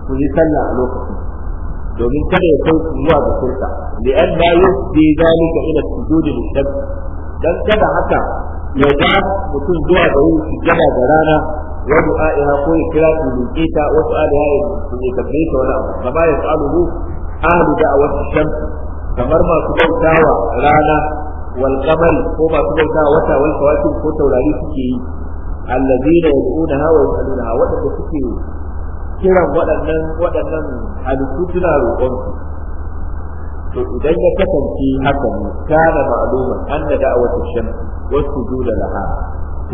ku yi sallah a lokacin domin kada ya kai zuwa ga shirka li an la yusdi zalika ila sujudi lishams dan kada haka ya ga mutum zuwa ga su gaba da rana wa du'a'iha ko ya kira su liƙe ta wasu aliyayi su ne kabbe ta wani abu kama ya fa'alu ahlu da'awati shams kamar masu bautawa rana wal qamar ko masu bautawa wata wal kawakib ko taurari suke yi allazina yad'unaha wa yas'alunaha wadanda suke kiran waɗannan waɗannan halittu suna roƙon su to idan ya kasance haka ne kana ma'luman anna da'awatu shams wa sujuda laha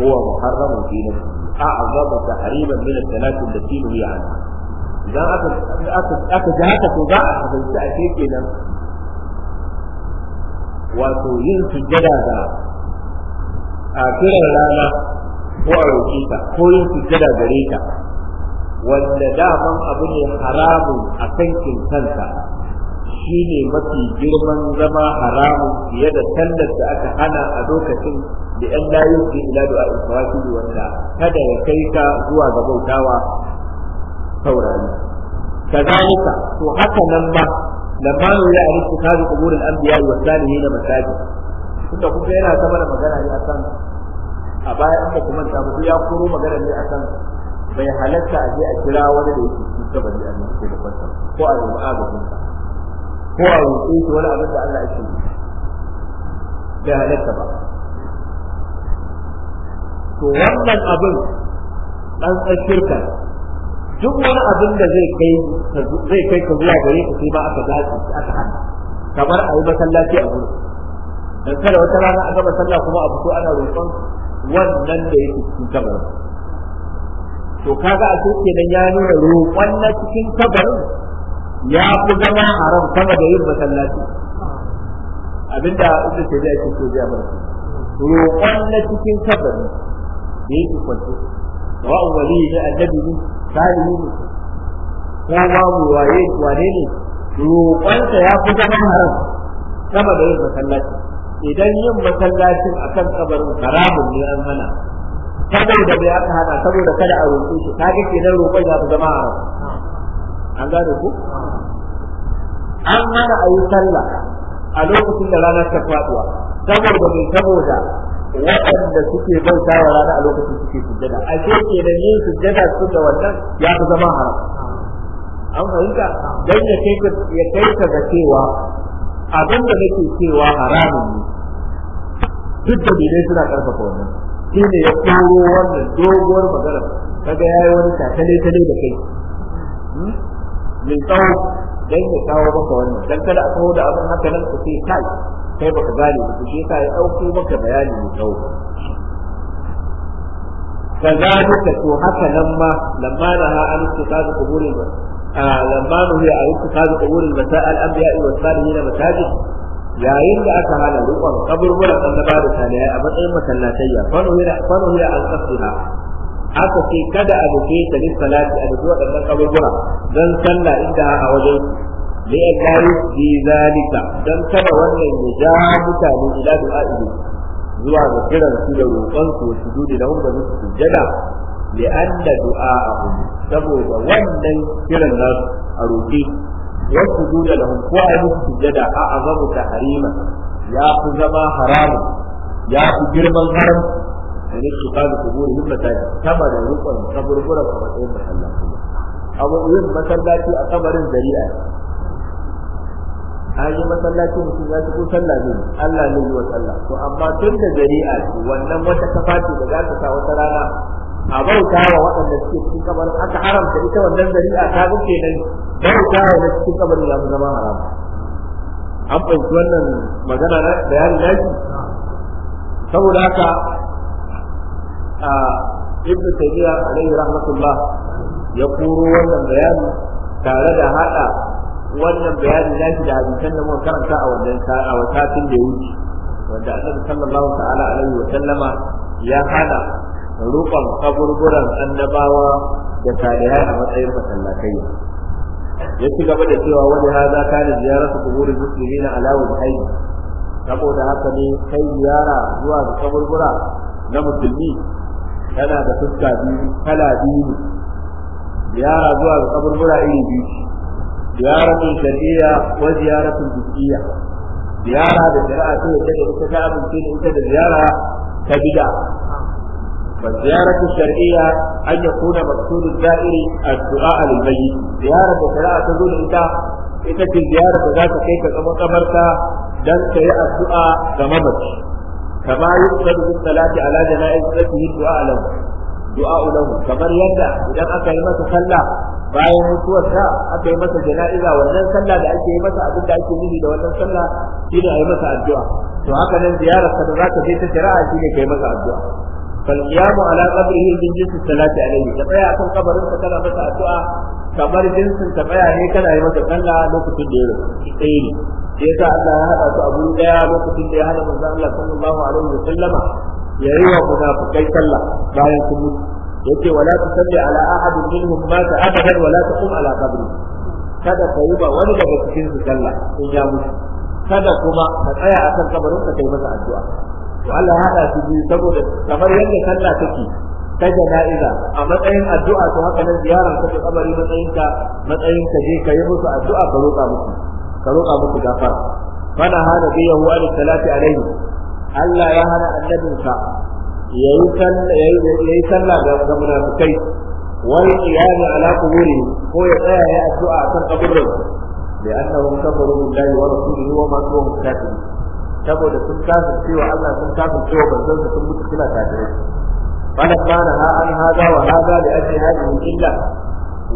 huwa muharramun fi nafsi a'zamu tahriman min al-thalath allati nuhiya anha idan aka aka ji haka to za a fahimci a kenan wato yin sujjada da a kiran rana ko a roƙe ta ko yin sujjada gare ta wanda daman abu ne haramun a sankin kanta shi ne mafi girman zama haramun fiye da tallar da aka hana a lokacin da ‘yan layu ke ila da alfawakili wanda kada ya kai ka zuwa ga bautawa saurari. Kazalika, to haka nan ba lamma nuriya a rufu kaji kuburin anbiya wa salihin da masaji tunda kuma yana ta mana magana ne akan a baya an kuma ta ya koro magana ne akan bai halatta a je a kira wani da yake cikin gaba da Allah ke da kwanta ko a rubu agajin ko a roƙe shi wani abin da Allah yake bai halatta ba to wannan abin an tsakirka duk wani abin da zai kai zai kai ka zuwa gare ka sai ba aka dace aka hana kamar a yi masallaci a gurin dan kada wata rana a gama sallah kuma a fito ana roƙon wannan da yake cikin kabarin to kaga a so kenan ya nuna roƙon na cikin kabarin ya fi zama haram sama da yin masallaci abinda inda sai da yake so zai bar roƙon na cikin kabarin da yake kwanci wa'un wali ne annabi ne salihu ne ko babu waye wane ne roƙonsa ya fi zama haram sama da yin masallaci idan yin masallacin a kan kabarin haramun ne an hana saboda bai aka hana saboda kada a roƙe shi Ta kaga kenan roƙon ya fi zama haram an gane ku an hana a yi sallah a lokacin da ranar ta faduwa saboda mai saboda waɗanda suke bauta wa rana a lokacin suke sujjada a ke ke da yin sujjada su da wannan ya fi zama haram an fahimta don ya kai ka ga cewa abin da nake cewa haramun ne duk da bidai suna ƙarfafa wannan shi ne ya koro wannan doguwar magana kaga yayi wani takale tale da kai hmm? mai tsawo dan ya kawo maka wannan dan kada a kawo da abin haka nan ku sai kai kai baka gane ba shi yasa ya dauko maka bayani mai tsawo kazalika to haka nan ma lamma naha an ittikazu quburin lamma nahiya an ittikazu quburin masa'al anbiya'i was salihin masajid yayin da aka hana rukun kaburburan annaba da salihai a matsayin masallatayya fanu hira fanu hira al-qasriha aka ce kada a rufe ta ni salati a rufe waɗannan kaburbura don sallah inda a wajen ya akari bi zalika Don kada wannan ya ja mutane ila du'a zuwa ga kiran su da roƙon su dudu da wanda musu sujjada dua a du'a'ahum saboda wannan kiran nasu a roƙe wasu dudu da ko a musu sujjada a azabu harima ya fi zama haramun ya fi girman haramun da ne su kaga su gori yin mataki sama da rukun kaburbura a matsayin masallaci abu yin masallaci a kabarin zari'a an yi masallaci mutum ya ci ko sallah ne Allah ne yi wa sallah to amma tun da zari'a wannan wata kafa ce da za ta sa wata rana a bauta wa waɗanda suke cikin kabarin aka haramta ita wannan zari'a ta ga nan, bauta wa na cikin kabarin ya fi zama haram an fahimci wannan magana da yari lafi saboda haka ibn taymiya alayhi rahmatullah ya koro wannan bayani tare da hada wannan bayani da shi da hadisan da muka karanta a wannan a wasatin da wuce wanda annabi sallallahu ta'ala alaihi wa sallama ya hada rukun kaburburan annabawa da tarihai a matsayin masallatai ya ci gaba da cewa wani za ta da su kuburin musulmi na alawar haihu saboda haka ne kai ziyara zuwa da kaburbura na musulmi tana da fuska biyu kala biyu ne. ziyara zuwa ga kaburbura iri biyu ziyaratun shari'a wa ziyaratun dukiya ziyara da shari'a ta yadda da ita ta amince da ita da ziyara ta gida. Ba shari'a bida فالزيارة الشرعية أن يكون مقصود الزائر الدعاء للميت زيارة الشريعة تقول أنت ita ita ce ziyarar da za ta kai ka zama kamarta don ka yi addu'a ga mamaci kama yuqsadu bis salati ala janazatihi du'a lahu du'a lahu kamar yadda idan aka yi masa sallah bayan mutuwarsa aka yi masa jana'iza wannan sallah da ake yi masa abin da ake nufi da wannan sallah shine a yi masa addu'a to haka nan ziyarar sa da zaka je ta shari'a shine kai masa addu'a fal qiyamu ala qabrihi min jinsi salati alayhi ka tsaya akan kabarin sa kana masa addu'a kamar jinsin ta tsaya ne kana yi masa sallah lokacin da ya rasu tsaye ne sai yasa Allah ya haɗa su a guri ɗaya lokacin da ya hada manzon Allah sallallahu alaihi wa sallama ya yi wa munafikai kalla bayan sun mutu yace wala tusalli ala ahadin minhum mata abadan wala ta taqum ala qabri kada ka yi ba wani daga cikin su kalla, in ya mutu kada kuma ka tsaya akan kabarin ka kai masa addu'a to Allah ya haɗa su biyu saboda kamar yadda sallah take ta jana'iza a matsayin addu'a to haka nan ziyara ka ta kabari matsayin ka matsayin ka je ka yi musu addu'a ka roƙa musu ka roƙa musu gafara fana hana biyahu Alayhi. salati alaihi Allah ya hana annabinsa yayi sallah ga munafikai wal qiyam ala quburi ko ya tsaya ya addu'a kan kaburin da annahum kafaru billahi wa rasulihi wa ma tuwa kafir saboda sun kafir cewa Allah sun kafir cewa banzan sun mutu suna kafirai فلما نهى عن هذا وهذا لأجل هذه العلة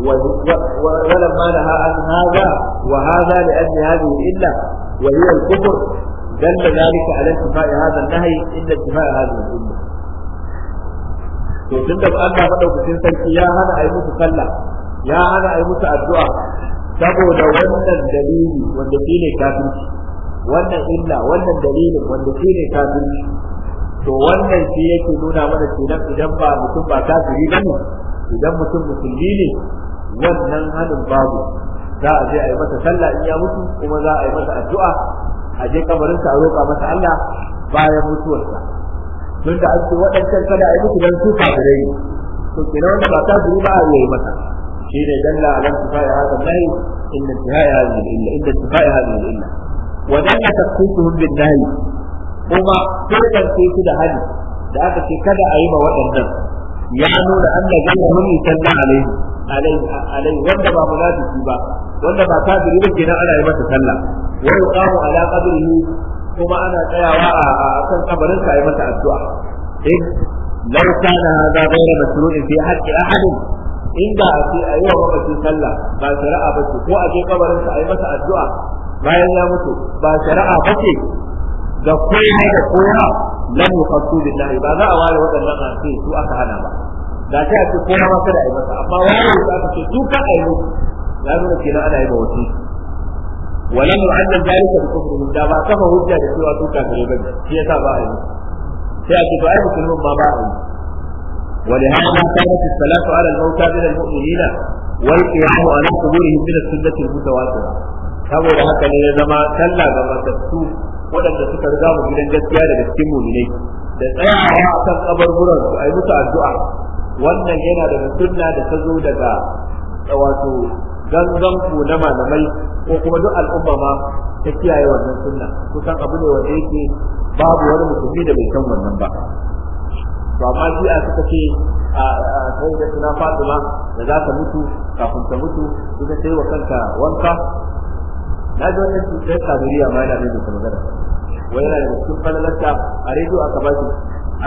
ولما نهى عن هذا وهذا لأجل هذه العلة وهي الكفر دل ذلك على انتفاء هذا النهي إلا انتفاء هذه الأمة to tun da Allah madaukakin sarki ya hana a yi musu sallah ya hana a yi musu addu'a saboda wannan dalili wanda shi kafirci wannan illa wannan dalilin wanda shi kafirci to wannan shi yake nuna mana kenan idan ba mutum ba kafiri ba ne idan mutum musulmi ne wannan hannun babu za a je a yi masa sallah in ya mutu kuma za a yi masa addu'a a je kabarinsa a roƙa masa Allah bayan mutuwarsa tun da an ce waɗancan kada a yi musu don su kafirai ne to kenan wanda ba kafiri ba a yi masa shi ne dalla alam tufai hada nahi inna tufai inda su inna tufai hadhihi illa wa dalla taqsuhum bin nahi kuma tantance su da hali da aka ce kada a yi ma waɗannan ya nuna anna galla mun yusalla alaihi alaihi alaihi wanda ba mu munafiki ba wanda ba kafiri ba kenan ana yi masa sallah wa yuqamu ala qabrihi kuma ana tsayawa a kan kabarin sa yi masa addu'a in law kana hadha ghayra masru'in fi haqqi ahadin inda a ce a yi wa mamaci sallah ba shari'a ba ce ko a je kabarin sa a yi masa addu'a bayan ya mutu ba shari'a ba ce ga komai da koya lam yuqasu billahi ba za a ware waɗannan a ce su aka hana ba da ta ce kowa ma kada a yi masa amma ware su aka ce su kan a yi musu ya nuna ana yi ba wasu ولم يعلم ذلك بكفرهم دا ba kafa hujja da cewa su kafirai bane shi yasa ba a yi sai a ce ba ai musulmin ma ba a yi ولهذا كانت الصلاة على الموتى من المؤمنين والقيام على قبورهم من السنة المتواترة saboda haka ne ya zama sallah ga matattu waɗanda suka riga mu gidan gaskiya daga cikin mu'minai da tsayawa akan kabarburan su ayi musu addu'a wannan yana daga sunna da ta zo daga wato gangan ku na malamai ko kuma duk al'umma ma ta kiyaye wannan sunna kusan abu ne wanda yake babu wani musulmi da bai san wannan ba to amma shi a suka ce a sai da suna fatima da za ta mutu kafin ta mutu ita yi wa kanka wanka na ga wani cutar kaduriya ma yana rediyo ta magana Wani yana da cikin falalarta a rediyo aka ba shi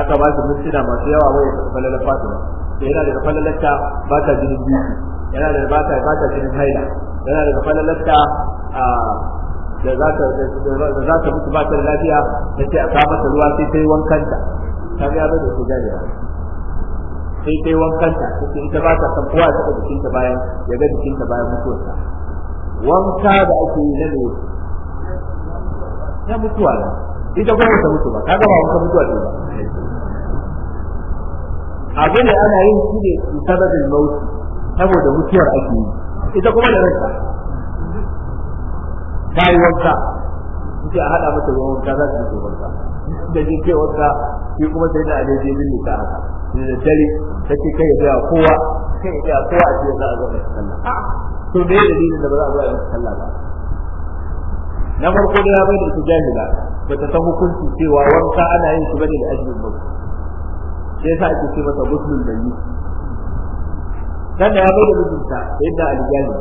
aka ba shi mintuna masu yawa wai ya falalar fatima to yana daga falalarta ba ta jinin biki yana da ba ta ba ta jinin haila yana daga falalarta da za ta da za ta mutu ba ta lafiya ta ce a kawo mata ruwa sai ta yi wankanta ta ga bai da su jami'a sai ta yi wankanta ta ce ita ba ta kan kowa ya taɓa jikinta bayan ya ga jikinta bayan mutuwarsa wanka da ake yi na dole ya mutuwa ne ita kuma wata mutu ba ta ga ba wanka mutuwa ne ba abu ne ana yin shi ne sababin mauti saboda mutuwar ake yi ita kuma da ranta ta yi wanka sai a haɗa mata ruwan wanka za su yi wanka da ke wanka shi kuma sai da ajiye jibin ne ta haka da dare ta ce kai ya ga kowa kai ya ga kowa a cikin za a zo a sallah to me ne dalilin da ba za a zo a sallah ba na farko da ya bai da jahila ba ta san hukunci cewa wanka ana yin shi bane da ajin mutu sai yasa ake ce masa guslul dalil dan da ya bai da mijinta sai da aljani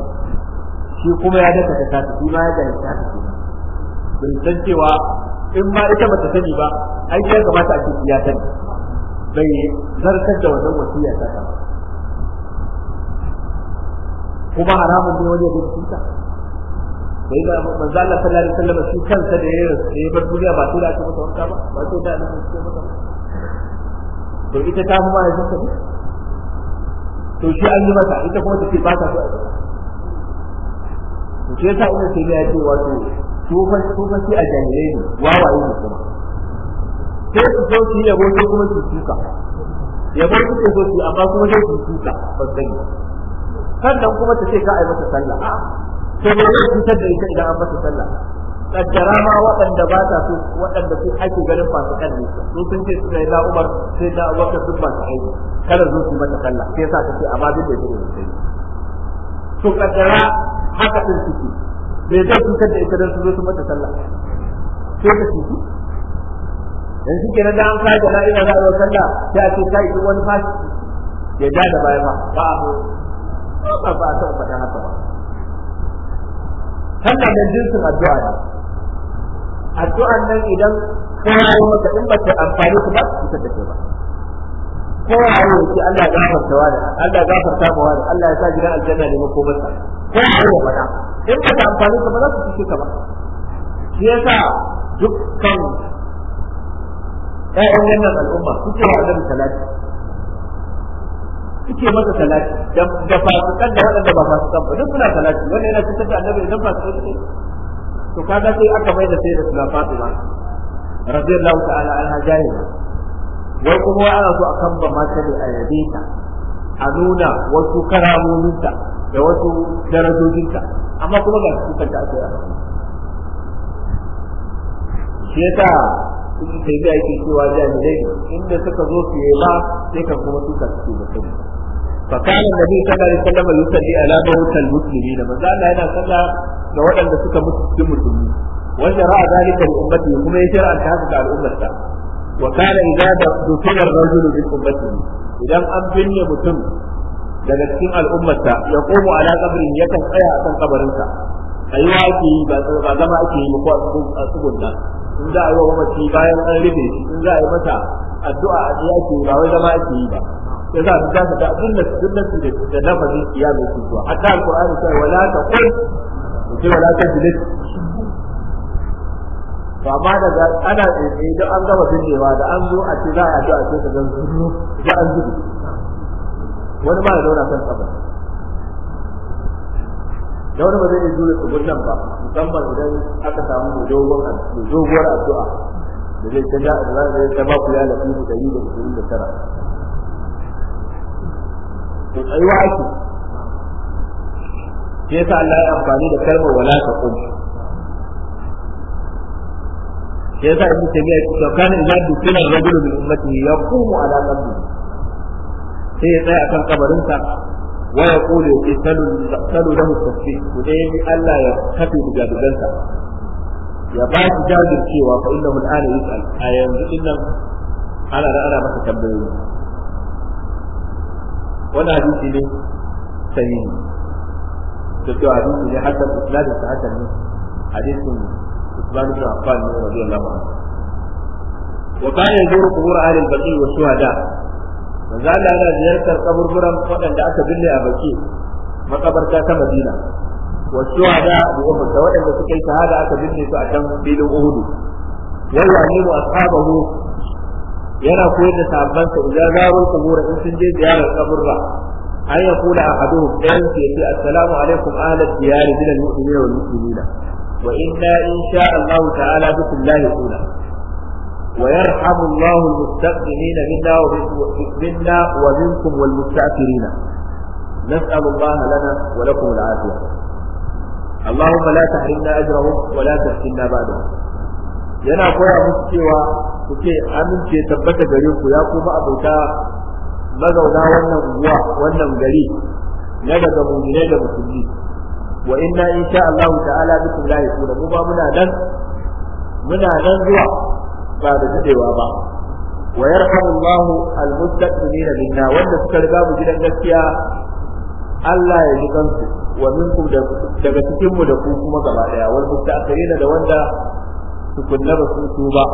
shi kuma ya daka ta tafi shi ma ya da ta tafi bin san cewa in ma ita ba ta sani ba ai ya kamata a ce ya sani bai zartar da wannan wasiya ta ta kuma haramun ne wani ya gudu tuta bai da manzo Allah sallallahu alaihi wasallam shi kansa da ya ya bar duniya ba tura da aka ba ba sai da aka ce wanka to ita ta kuma ya zanta ne to shi an yi mata ita kuma take ba ta so to sai ta ina sai ya ce wato tufan tufan sai a jahilai ne wawaye ne kuma sai su so su yi yabo sai kuma su suka yabo suke so su amma kuma sai su suka ba sani sannan kuma ta ce ka ai mata sallah sai ba zai cutar da ita idan an mata sallah kaddara ma waɗanda ba ta so waɗanda su ake ganin masu kan ne su sun ce suna yi la'ubar sai da wata sun masu aiki kada zo su mata sallah sai sa ta ce amma duk da yake sai to kaddara haka din suke me zai cutar da ita don su zo su mata sallah sai ta cutu dan shi na da an kai da ina da Allah sallah sai a ce kai duk wani fashi ya ja da baya ba ba a ba a taɓa faɗa haka ba sallah nan jinsin addu'a ne addu'an nan idan kowa ya maka in ba ta amfani ku ba su fitar da kai ba kowa ya yi Allah gafarta wa da Allah gafarta ma wa da Allah ya sa gidan aljanna ne makomarsa kowa ya faɗa in ba ta amfani ka ba za su fice ka ba shi yasa dukkan ƴaƴan wannan al'umma suke yi annabi salati suke masa salati da fasikan da waɗanda ba fasikan ba duk suna salati wanda yana cikin da annabi idan fasikan ne to kaga sai aka mai da sai da suna fatima radiyallahu ta'ala anha jahila wai kuma ana so a kan ba mata ne a yabe ta a nuna wasu karamominta da wasu darajojinta amma kuma ga su kanta a sai a shi yasa sai da yake cewa jami'ai inda suka zo su yi ba sai kan kuma suka su ba kai فكان النبي صلى الله عليه وسلم يصلي على موتى المسلمين ما زال هنا صلى لولا ان سكا مسلم مسلمين وشرع ذلك لامته كما يشرع da تحافظ على امته وكان اذا دفن الرجل من امته idan an binne mutum daga cikin al'ummata, ya komo ala kabrin yakan tsaya a kan kabarinsa ayyuwa ake yi ba zama ake yi ba ko a tsugunna in za a yi wa mamaci bayan an rufe shi in za a yi mata addu'a a ɗaya ke ba wai zama ake yi ba ya za su dace da abin da sun nasu da lafazin kiyamun su zuwa hatta alƙur'ani sai wala ta kun mutum wala ta jilis to amma daga ana tsaye don an gama binnewa da an zo a ce za a addu'a ce ka zan zuru za an zuru wani ma ya zauna kan kafa da wani ba zai iya jure gudan ba musamman idan aka samu doguwar addu'a da zai ta da zai ta ba ku ya lafi da dari da ishirin da tara to wa ake ke sa Allah ya amfani da kalmar wala ta qum shi yasa ibnu taymiya ya ce kana idan dukkan rajulu min ummati Kuma ala qabri sai ya tsaya kan kabarinsa wa ya yaqulu isalu salu lahu tasbih ku ni Allah ya kafi bugadugansa ya ba shi jajircewa fa mun al'ana yus'al a yanzu dinnan ana da ana masa tambayoyi wannan hadisi ne sahihi da cewa hadisi ne hasan isnadin sa hasan ne hadisin Usman da Affan ne radiyallahu anhu wa kana yazuru qubur ahli al-baqi wa shuhada manzo Allah yana ziyartar kaburburan waɗanda aka binne a baki makabarta ta Madina wasu da Abu Umar da waɗanda suka yi shahada aka binne su a can filin Uhud yawa ne mu ashabahu yana koyar da sahabban sa idan zaro kubura in sun je ziyarar kaburra an ya kula ahaduhum ɗayan ke ce assalamu alaikum ahlal diyar min al-mu'minina wal muslimina wa inna insha Allah ta'ala bikum la yaqula ويرحم الله المستقدمين منا منا ومنكم والمستأثرين نسأل الله لنا ولكم العافية اللهم لا تحرمنا أجرهم ولا تحسنا بعدهم yana koya musu cewa ku ce amince tabbata gare ya kuma abota mazauna wannan guwa wannan gari na daga mu'minai da musulmi wa inna insha Allah ta'ala bikum la yakuna mu ba muna nan zuwa ba da dadewa ba wa yarhamu Allah al-mustaqimina minna wanda suka riga mu gidan gaskiya Allah ya ji kansu wa minkum daga cikin mu da ku kuma gaba daya wal mustaqimina da wanda tukunna ba su tuba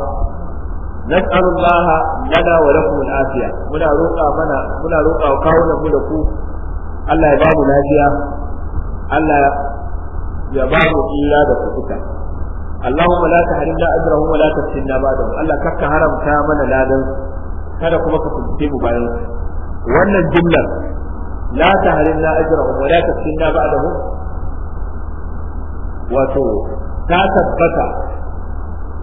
nas'alullaha lana wa lakum al-afiya muna roƙa mana muna roƙa kawunan mu da ku Allah ya ba mu lafiya Allah ya ba mu tsira da kuka Allahumma la tahrimna ajrahum wa la taftinna ba'dahu Allah kakka haramta mana ladan kada kuma ka kunce mu bayan wannan jumlar la tahrimna ajrahum wa la taftinna ba'dahu wato ta tabbata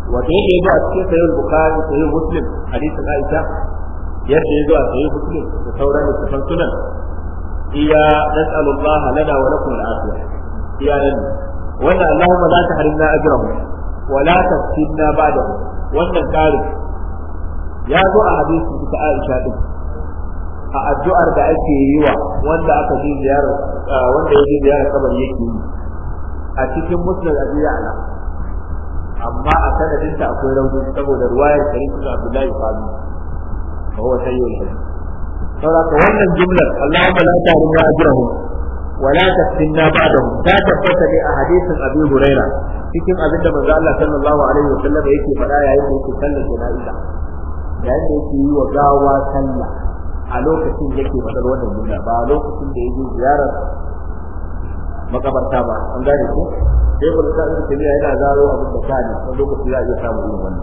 wato ya zo a cikin sayyid bukhari sayyid muslim hadisin aisha ya zo a sayyid muslim da sauran iya nas'alullah wa lakum al iya nan wannan za ta Allahumma la tahrimna ajrahum wa la taftinna ba'dahu wannan karin ya zo a hadisi ta Aisha din a addu'ar da ake yi wa wanda aka ji ziyarar wanda ya ji ziyarar kabar yake yi a cikin musnad abi ala amma a sanadinta akwai rauni saboda ruwayar karim ibn abdullahi Fadu fadi wa huwa sayyid saboda wannan jumlar Allahumma la tahrimna ajrahum ولا تفتنا بعدهم تا تبت لأحاديث أبي هريرة cikin abin da manzo Allah sallallahu alaihi wasallam yake faɗa yayin da yake sallar jana'iza yayin da yake yi wa gawa sallah a lokacin da yake faɗar wannan jumla ba lokacin da yake ziyarar makabarta ba an gane ko sai ku da ibn tabiya yana zaro abin da kani a lokacin ya iya samu irin wannan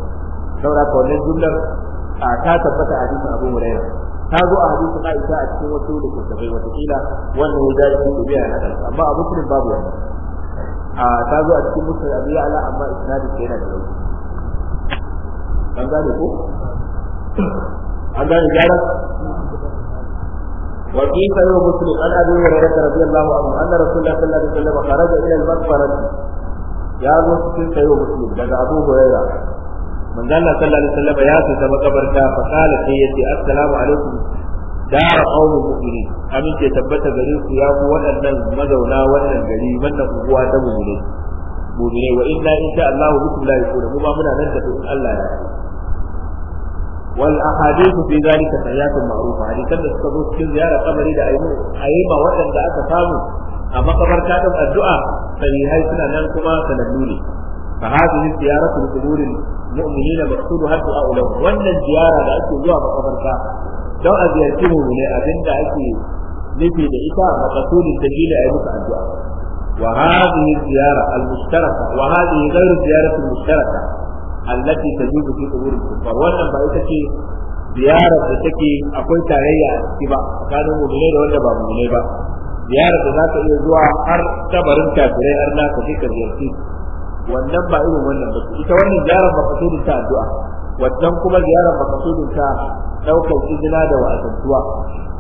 saboda ka wannan jumlar a ta tabbata a cikin Abu Hurairah ta zo a hadisin isa a cikin wasu littattafai wata kila wannan ya dace da biya na amma a muslim babu wani a ta zo a cikin muslim abu ala amma da sai yana da an gane ko an gane gyara مسلم عن ابي هريره رضي الله عنه ان رسول الله صلى الله عليه وسلم خرج الى المغفره يا مسلم صحيح مسلم daga abu hurairah manzo Allah sallallahu alaihi wasallam ya fita makabarta fa kala sai yace assalamu alaikum dar qawmi amin ke tabbata gare ku waɗannan mazauna wannan gari wannan uwa ta mu'mini mu'mini wa inna insha Allah bikum la yakuna mu ba muna nan da in Allah ya yi wal ahadithu fi zalika sayyatun ma'rufa hadisan da suka zo cikin ziyara kabari da ayi ayi ba waɗanda aka samu a makabarta din addu'a sahihai suna nan kuma sanaduni. fa hadhihi ziyaratu quburil mu'minin maqsuduha du'a lahum wannan ziyara da ake zuwa makabarta don a ziyarci mu'mini abinda ake da ita maqsudin da shi ne ayi musu addu'a wa hadhihi ziyara al-mushtaraka wa hadhihi ghayru ziyaratu al-mushtaraka allati tajibu fi quburil wannan ba ita ce ziyarar da akwai tarayya a ciki ba da wanda ba ba ziyarar da za ka iya zuwa har tabarin kafirai har na ka ka ziyarci wannan ba irin wannan ba ita wannan ziyarar makasudin ta addu'a wannan kuma ziyarar makasudin ta daukar izina da wa'azantuwa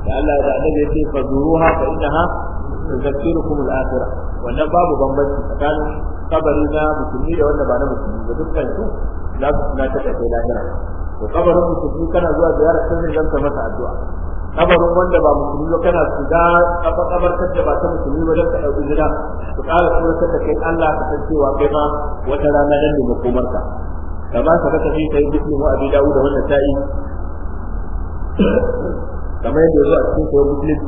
da Allah da annabi ya ce fa zuruha fa innaha tuzakkirukum al-akhirah wannan babu bambanci tsakanin kabari na musulmi da wanda ba na musulmi ba dukkan su za su tuna ta kai lahira to kabarin musulmi kana zuwa ziyarar sai zan masa addu'a kabarin wanda ba musulmi ba kana shiga kabarkar da ba ta musulmi ba don ka ɗauki gida ku ƙara tsoratar da kai Allah ka san cewa kai ma wata rana nan ne makomarka kama ka ba kasa fi kai bismi wa abi dawud wannan ta'i kamar yadda yazo a cikin sahih muslim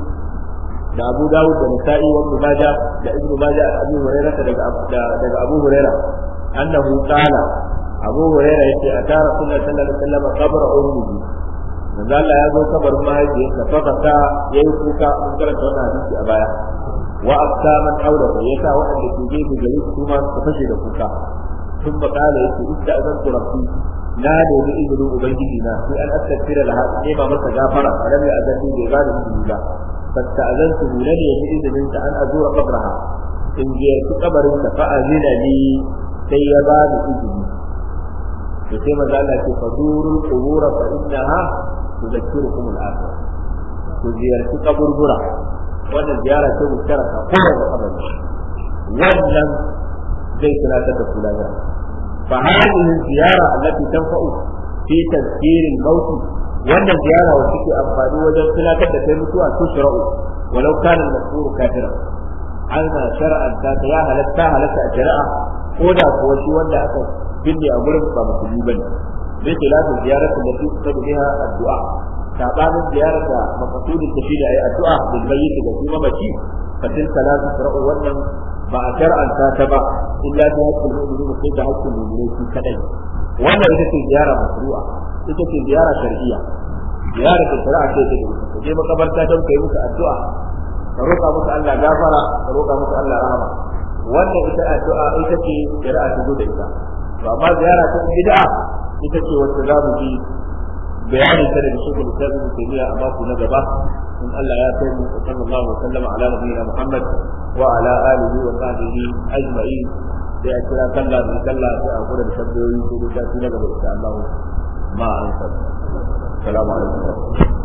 da abu dawud da nisa'i wa ibnu majah da ibnu majah da abu hurairah daga abu hurairah annahu qala abu hurairah yace atara sunna sallallahu alaihi wasallam qabra ummihi manzo ya zo kabarin mahaifi ya tafasa ta yayi kuka mun karanta wannan a baya wa afta man aula ya sa wanda ke gefe gare su kuma su fashe da kuka sun ba kala yake idda azan turabi na da da ubangiji na sai an astaghfira laha sai ba masa gafara adam ya azabi da zalim bi Allah fatta azantu bi ladhi bi idnin ta an azura qabraha in je kabarin ta fa azina sai ya ba izini to sai maza Allah ce fa zuru qubura fa tuzakkirukum al-akhir ku ziyarci kaburbura wannan ziyara ce mu tara ka kowa kabari wannan zai tunatar da ku lafiya fa hadhihi ziyara allati tanfa'u fi tazkir al-maut wannan ziyara wacce ke amfani wajen tunatar da kai mutuwa su shara'u walau kana al-maqsur kafira ana ta ya halarta halarta a shari'a ko da kuwa shi wanda aka binne a gurin ba musulmi bane bi khilaf ziyarati allati tusadu biha addu'a sabanin ziyarata maqsudin ta shine ayi addu'a bil mayyit da kuma mace fatin salatu ra'u wannan ba a shar'anta ta ba illa ta hakkin mu'minin sai da hakkin mu'minin shi kadai wannan ita ce ziyara masru'a ita ce ziyara shar'iyya ziyara ta shari'a ce ta je makabarta don kai musu addu'a ka roƙa musu Allah gafara ka musu Allah wannan ita addu'a ita ce ita to amma ziyara ta bid'a ita ce wacce za mu ji bayanin ta daga shekul islam ibn tafiya a mako na gaba in Allah ya kai mu sallallahu alaihi wasallam ala nabiyina muhammad wa ala alihi wa sahbihi ajma'in da ya kira sallah da sallah sai a da tambayoyi ko da tafi na gaba insha Allah ma an sallah assalamu alaikum